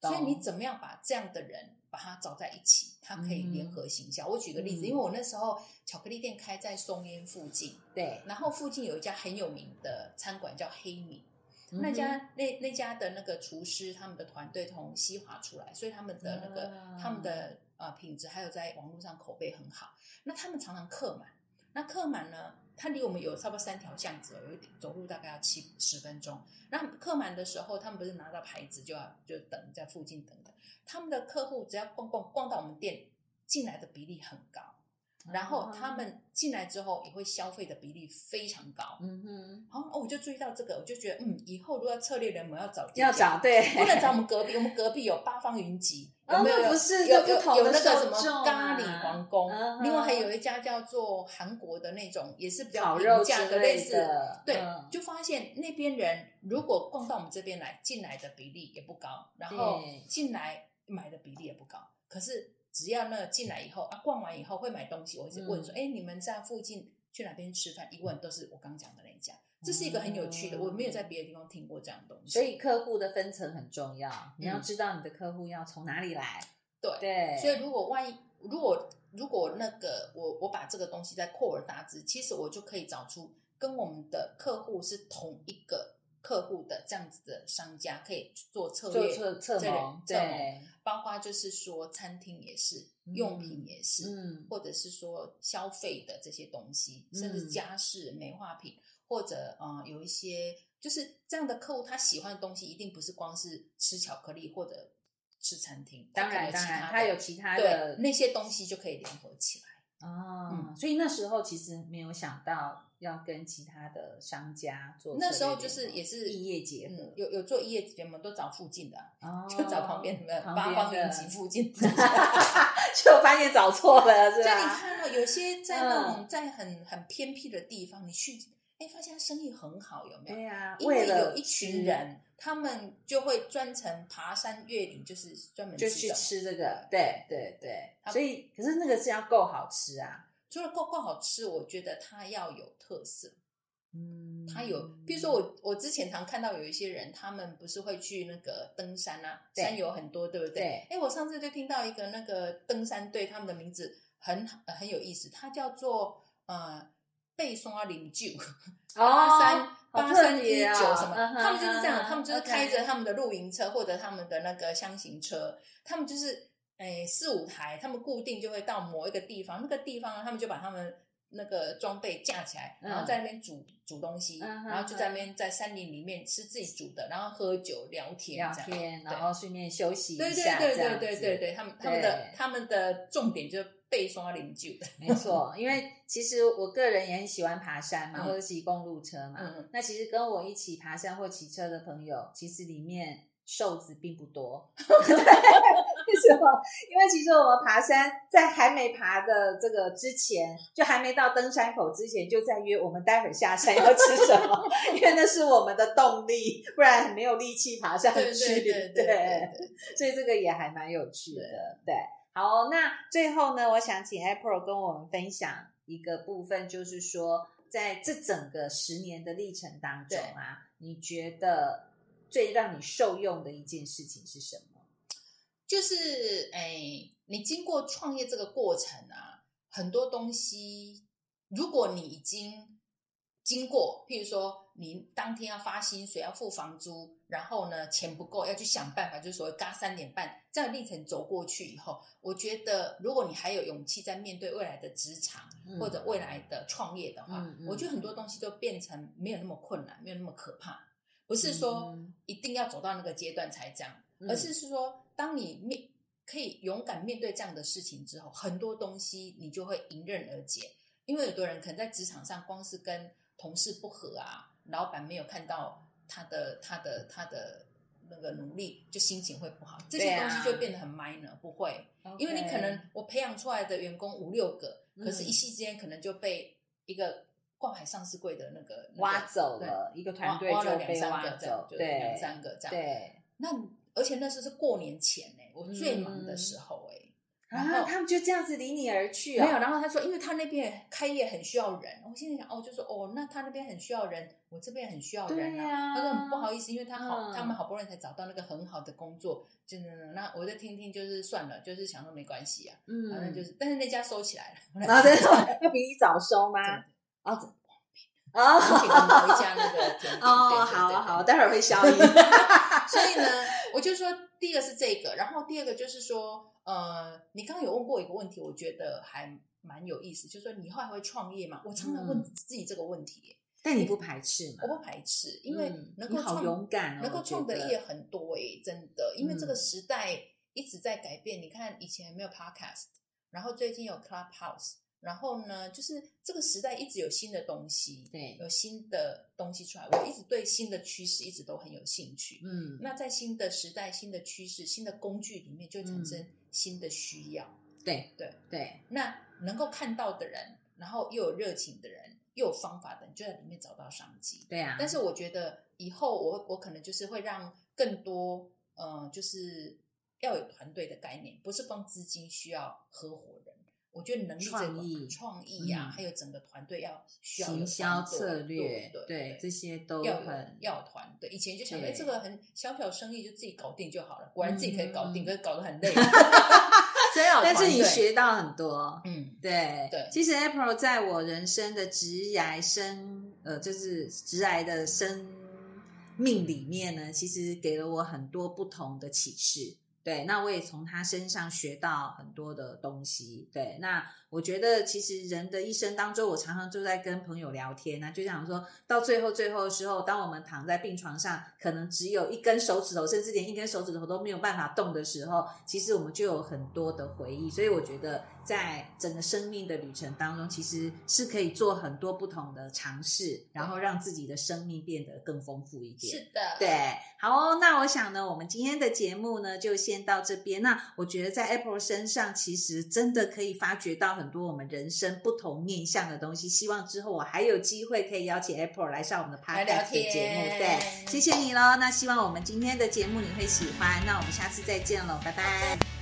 所以你怎麼樣把這樣的人把他找在一起，他可以聯合行銷。嗯、我舉個例子、嗯，因為我那時候巧克力店開在松菸附近，對，然後附近有一家很有名的餐館叫黑米、嗯，那家那那家的那個廚師他們的團隊從西華出來，所以他們的那個、嗯、他們的啊、呃、品質還有在網絡上口碑很好，那他們常常客滿，那客滿呢？它離我們有差不多三條巷子，有一點走路大概要七十分鐘。然後客滿的時候，他們不是拿到牌子就要就等在附近等等。他們的客戶只要逛逛逛到我們店進來的比例很高。然後他們進來之後，也會消費的比例非常高。嗯嗯好哦，我就注意到這個，我就覺得，嗯，以後如果要策略人，我要找，要找對，不能找我們隔壁。我們隔壁有八方雲集，哦，有沒有？不是有是不、啊、有有那個什麼咖喱皇宮、嗯，另外還有一家叫做韓國的那種，也是比較烤肉的，價格類似，對、嗯，就發現那邊人如果逛到我們這邊來，進來的比例也不高，然後進來買的比例也不高，可是只要那進來以後啊，逛完以後會買東西，我就問說：“哎、嗯欸，你們在附近去哪邊吃飯？”一問都是我剛講的那一家，這是一個很有趣的，嗯、我沒有在別的地方聽過這樣的東西。所以客戶的分層很重要，嗯，你要知道你的客戶要從哪裡來。對對，所以如果萬一如果如果那個我我把這個東西再擴而大之，其實我就可以找出跟我們的客戶是同一個。客戶的這樣子的商家可以做策略做策，策略，策略對，包括就是說餐廳也是，嗯，用品也是，嗯，或者是說消費的這些東西，嗯，甚至家飾、美化品，或者，嗯、有一些就是這樣的客戶，他喜歡的東西一定不是光是吃巧克力或者吃餐廳，當然他有其他，當然當然他有其他的對，那些東西就可以聯合起來，哦嗯，所以那時候其實沒有想到。要跟其他的商家做，那時候就是也是一夜節、嗯，有有做一夜節目都找附近的，哦、就找旁邊什麼八方雲集附近的， 結果發現找錯了，是吧？就你看到有些在那種、嗯、在很很偏僻的地方，你去哎，發現他生意很好，有沒有？對呀、啊，因為有一群人，他們就會專程爬山越嶺，就是專門就去吃這個，對對對，所以可是那個是要夠好吃啊。除了夠夠好吃，我覺得它要有特色，嗯，它有，比如說我我之前常看到有一些人，他們不是會去那個登山啊，山友很多，對不對？哎，我上次就聽到一個那個登山隊，他們的名字很、呃、很有意思，它叫做呃背雙領袖，八三、oh, 八三一九、啊、什麼，他們就是這樣，他們就是開着他們的露營車、okay. 或者他們的那個箱型車，他們就是。欸、四五台，他們固定就會到某一個地方，那個地方呢，他們就把他們那個裝備架起來，然後在那邊煮、嗯、煮東西，然後就在那邊在山林裡面吃自己煮的，然後喝酒聊天，聊天，然後順便休息一下。對對對對對對，對他們他們的他們的，他們的重點就是被刷零九，沒錯。因為其實我個人也很喜歡爬山嘛，嗯、或者是騎公路車嘛、嗯。那其實跟我一起爬山或騎車的朋友，其實裡面瘦子並不多。 為什麼？因為其實我們爬山，在還沒爬的這個之前，就還沒到登山口之前，就在約我們待會兒下山要吃什麼， 因為那是我們的動力，不然很沒有力氣爬上去，對對對對對對。對，所以這個也還蠻有趣的。對，對好，那最後呢，我想請 April 跟我們分享一個部分，就是說在這整個十年的歷程當中啊，你覺得最讓你受用的一件事情是什麼？就是哎、欸，你經過創業這個過程啊，很多東西，如果你已經經過，譬如說你當天要發薪水要付房租，然後呢錢不夠要去想辦法，就是說嘎三點半這樣歷程走過去以後，我覺得如果你還有勇氣在面對未來的職場、嗯、或者未來的創業的話、嗯嗯，我覺得很多東西都變成沒有那麼困難，沒有那麼可怕，不是說一定要走到那個階段才這樣，而是是說。當你面可以勇敢面對這樣的事情之後，很多東西你就會迎刃而解。因為有的人可能在職場上光是跟同事不合啊，老闆沒有看到他的他的他的那個努力，就心情會不好。這些東西就會變得很 minor，、啊、不會，okay, 因為你可能我培養出來的員工五六個，嗯、可是一夕之間可能就被一個掛牌上市櫃的那個挖走了，一個團隊就被挖了兩三個這樣，就兩三個這樣。對，那。而且那是是過年前呢、欸，我最忙的時候哎、欸嗯，然後、啊、他們就這樣子離你而去啊。沒有，然後他說，因為他那邊開業很需要人，我心裡想，哦，就說哦，那他那邊很需要人，我這邊很需要人啊。對啊，他說不好意思，因為他好、嗯，他們好不容易才找到那個很好的工作，真的。那我再聽聽，就是算了，就是想說沒關係啊，嗯，反正就是，但是那家收起來了。嗯、 然後他說，他比你早收嗎？啊啊！哦、給我們請他回家那個甜甜哦，對對對好好，好，好，待會兒會消音。 所以呢，我就說，第一個是這個，然後第二個就是說，呃，你剛剛有問過一個問題，我覺得還蠻有意思，就是說，你以後還會創業嗎？我常常問自己這個問題，嗯、但你不排斥嗎？我不排斥，因為能夠創，嗯、你好勇敢哦、能夠創的業很多、欸，哎，真的，因為這個時代一直在改變。嗯、你看，以前沒有 Podcast，然後最近有 Clubhouse。然後呢，就是這個時代一直有新的東西，對，有新的東西出來，我一直對新的趨勢一直都很有興趣，嗯，那在新的時代、新的趨勢、新的工具裡面，就會產生新的需要，嗯、對對對，對。那能夠看到的人，然後又有熱情的人，又有方法的人，就在裡面找到商機，對啊。但是我覺得以後我我可能就是會讓更多，嗯、呃，就是要有團隊的概念，不是光資金需要合夥人。我覺得能力創、啊、創意、創意呀，還有整個團隊要需要行銷策略，對，對，對，這些都很要，要團隊。以前就想，誒、哎、這個很小小生意就自己搞定就好了，果然自己可以搞定，嗯、可是搞得很累。真要， 但是你學到很多。嗯，對對。其實 April 在我人生的職涯生，呃，就是職涯的生命裡面呢，其實給了我很多不同的啟示。對，那我也從他身上學到很多的東西。對，那我覺得其實人的一生當中，我常常都在跟朋友聊天啊，就想說到最後最後的時候，當我們躺在病床上，可能只有一根手指頭，甚至連一根手指頭都沒有辦法動的時候，其實我們就有很多的回憶。所以我覺得。在整個生命的旅程當中，其實是可以做很多不同的嘗試，然後讓自己的生命變得更豐富一點。是的，對。好哦，那我想呢，我們今天的節目呢，就先到這邊。那我覺得在 April 身上，其實真的可以發掘到很多我們人生不同面向的東西。希望之後我還有機會可以邀請 April 來上我們的 Podcast 的節目。對，謝謝你嘍。那希望我們今天的節目你會喜歡。那我們下次再見嘍，拜拜。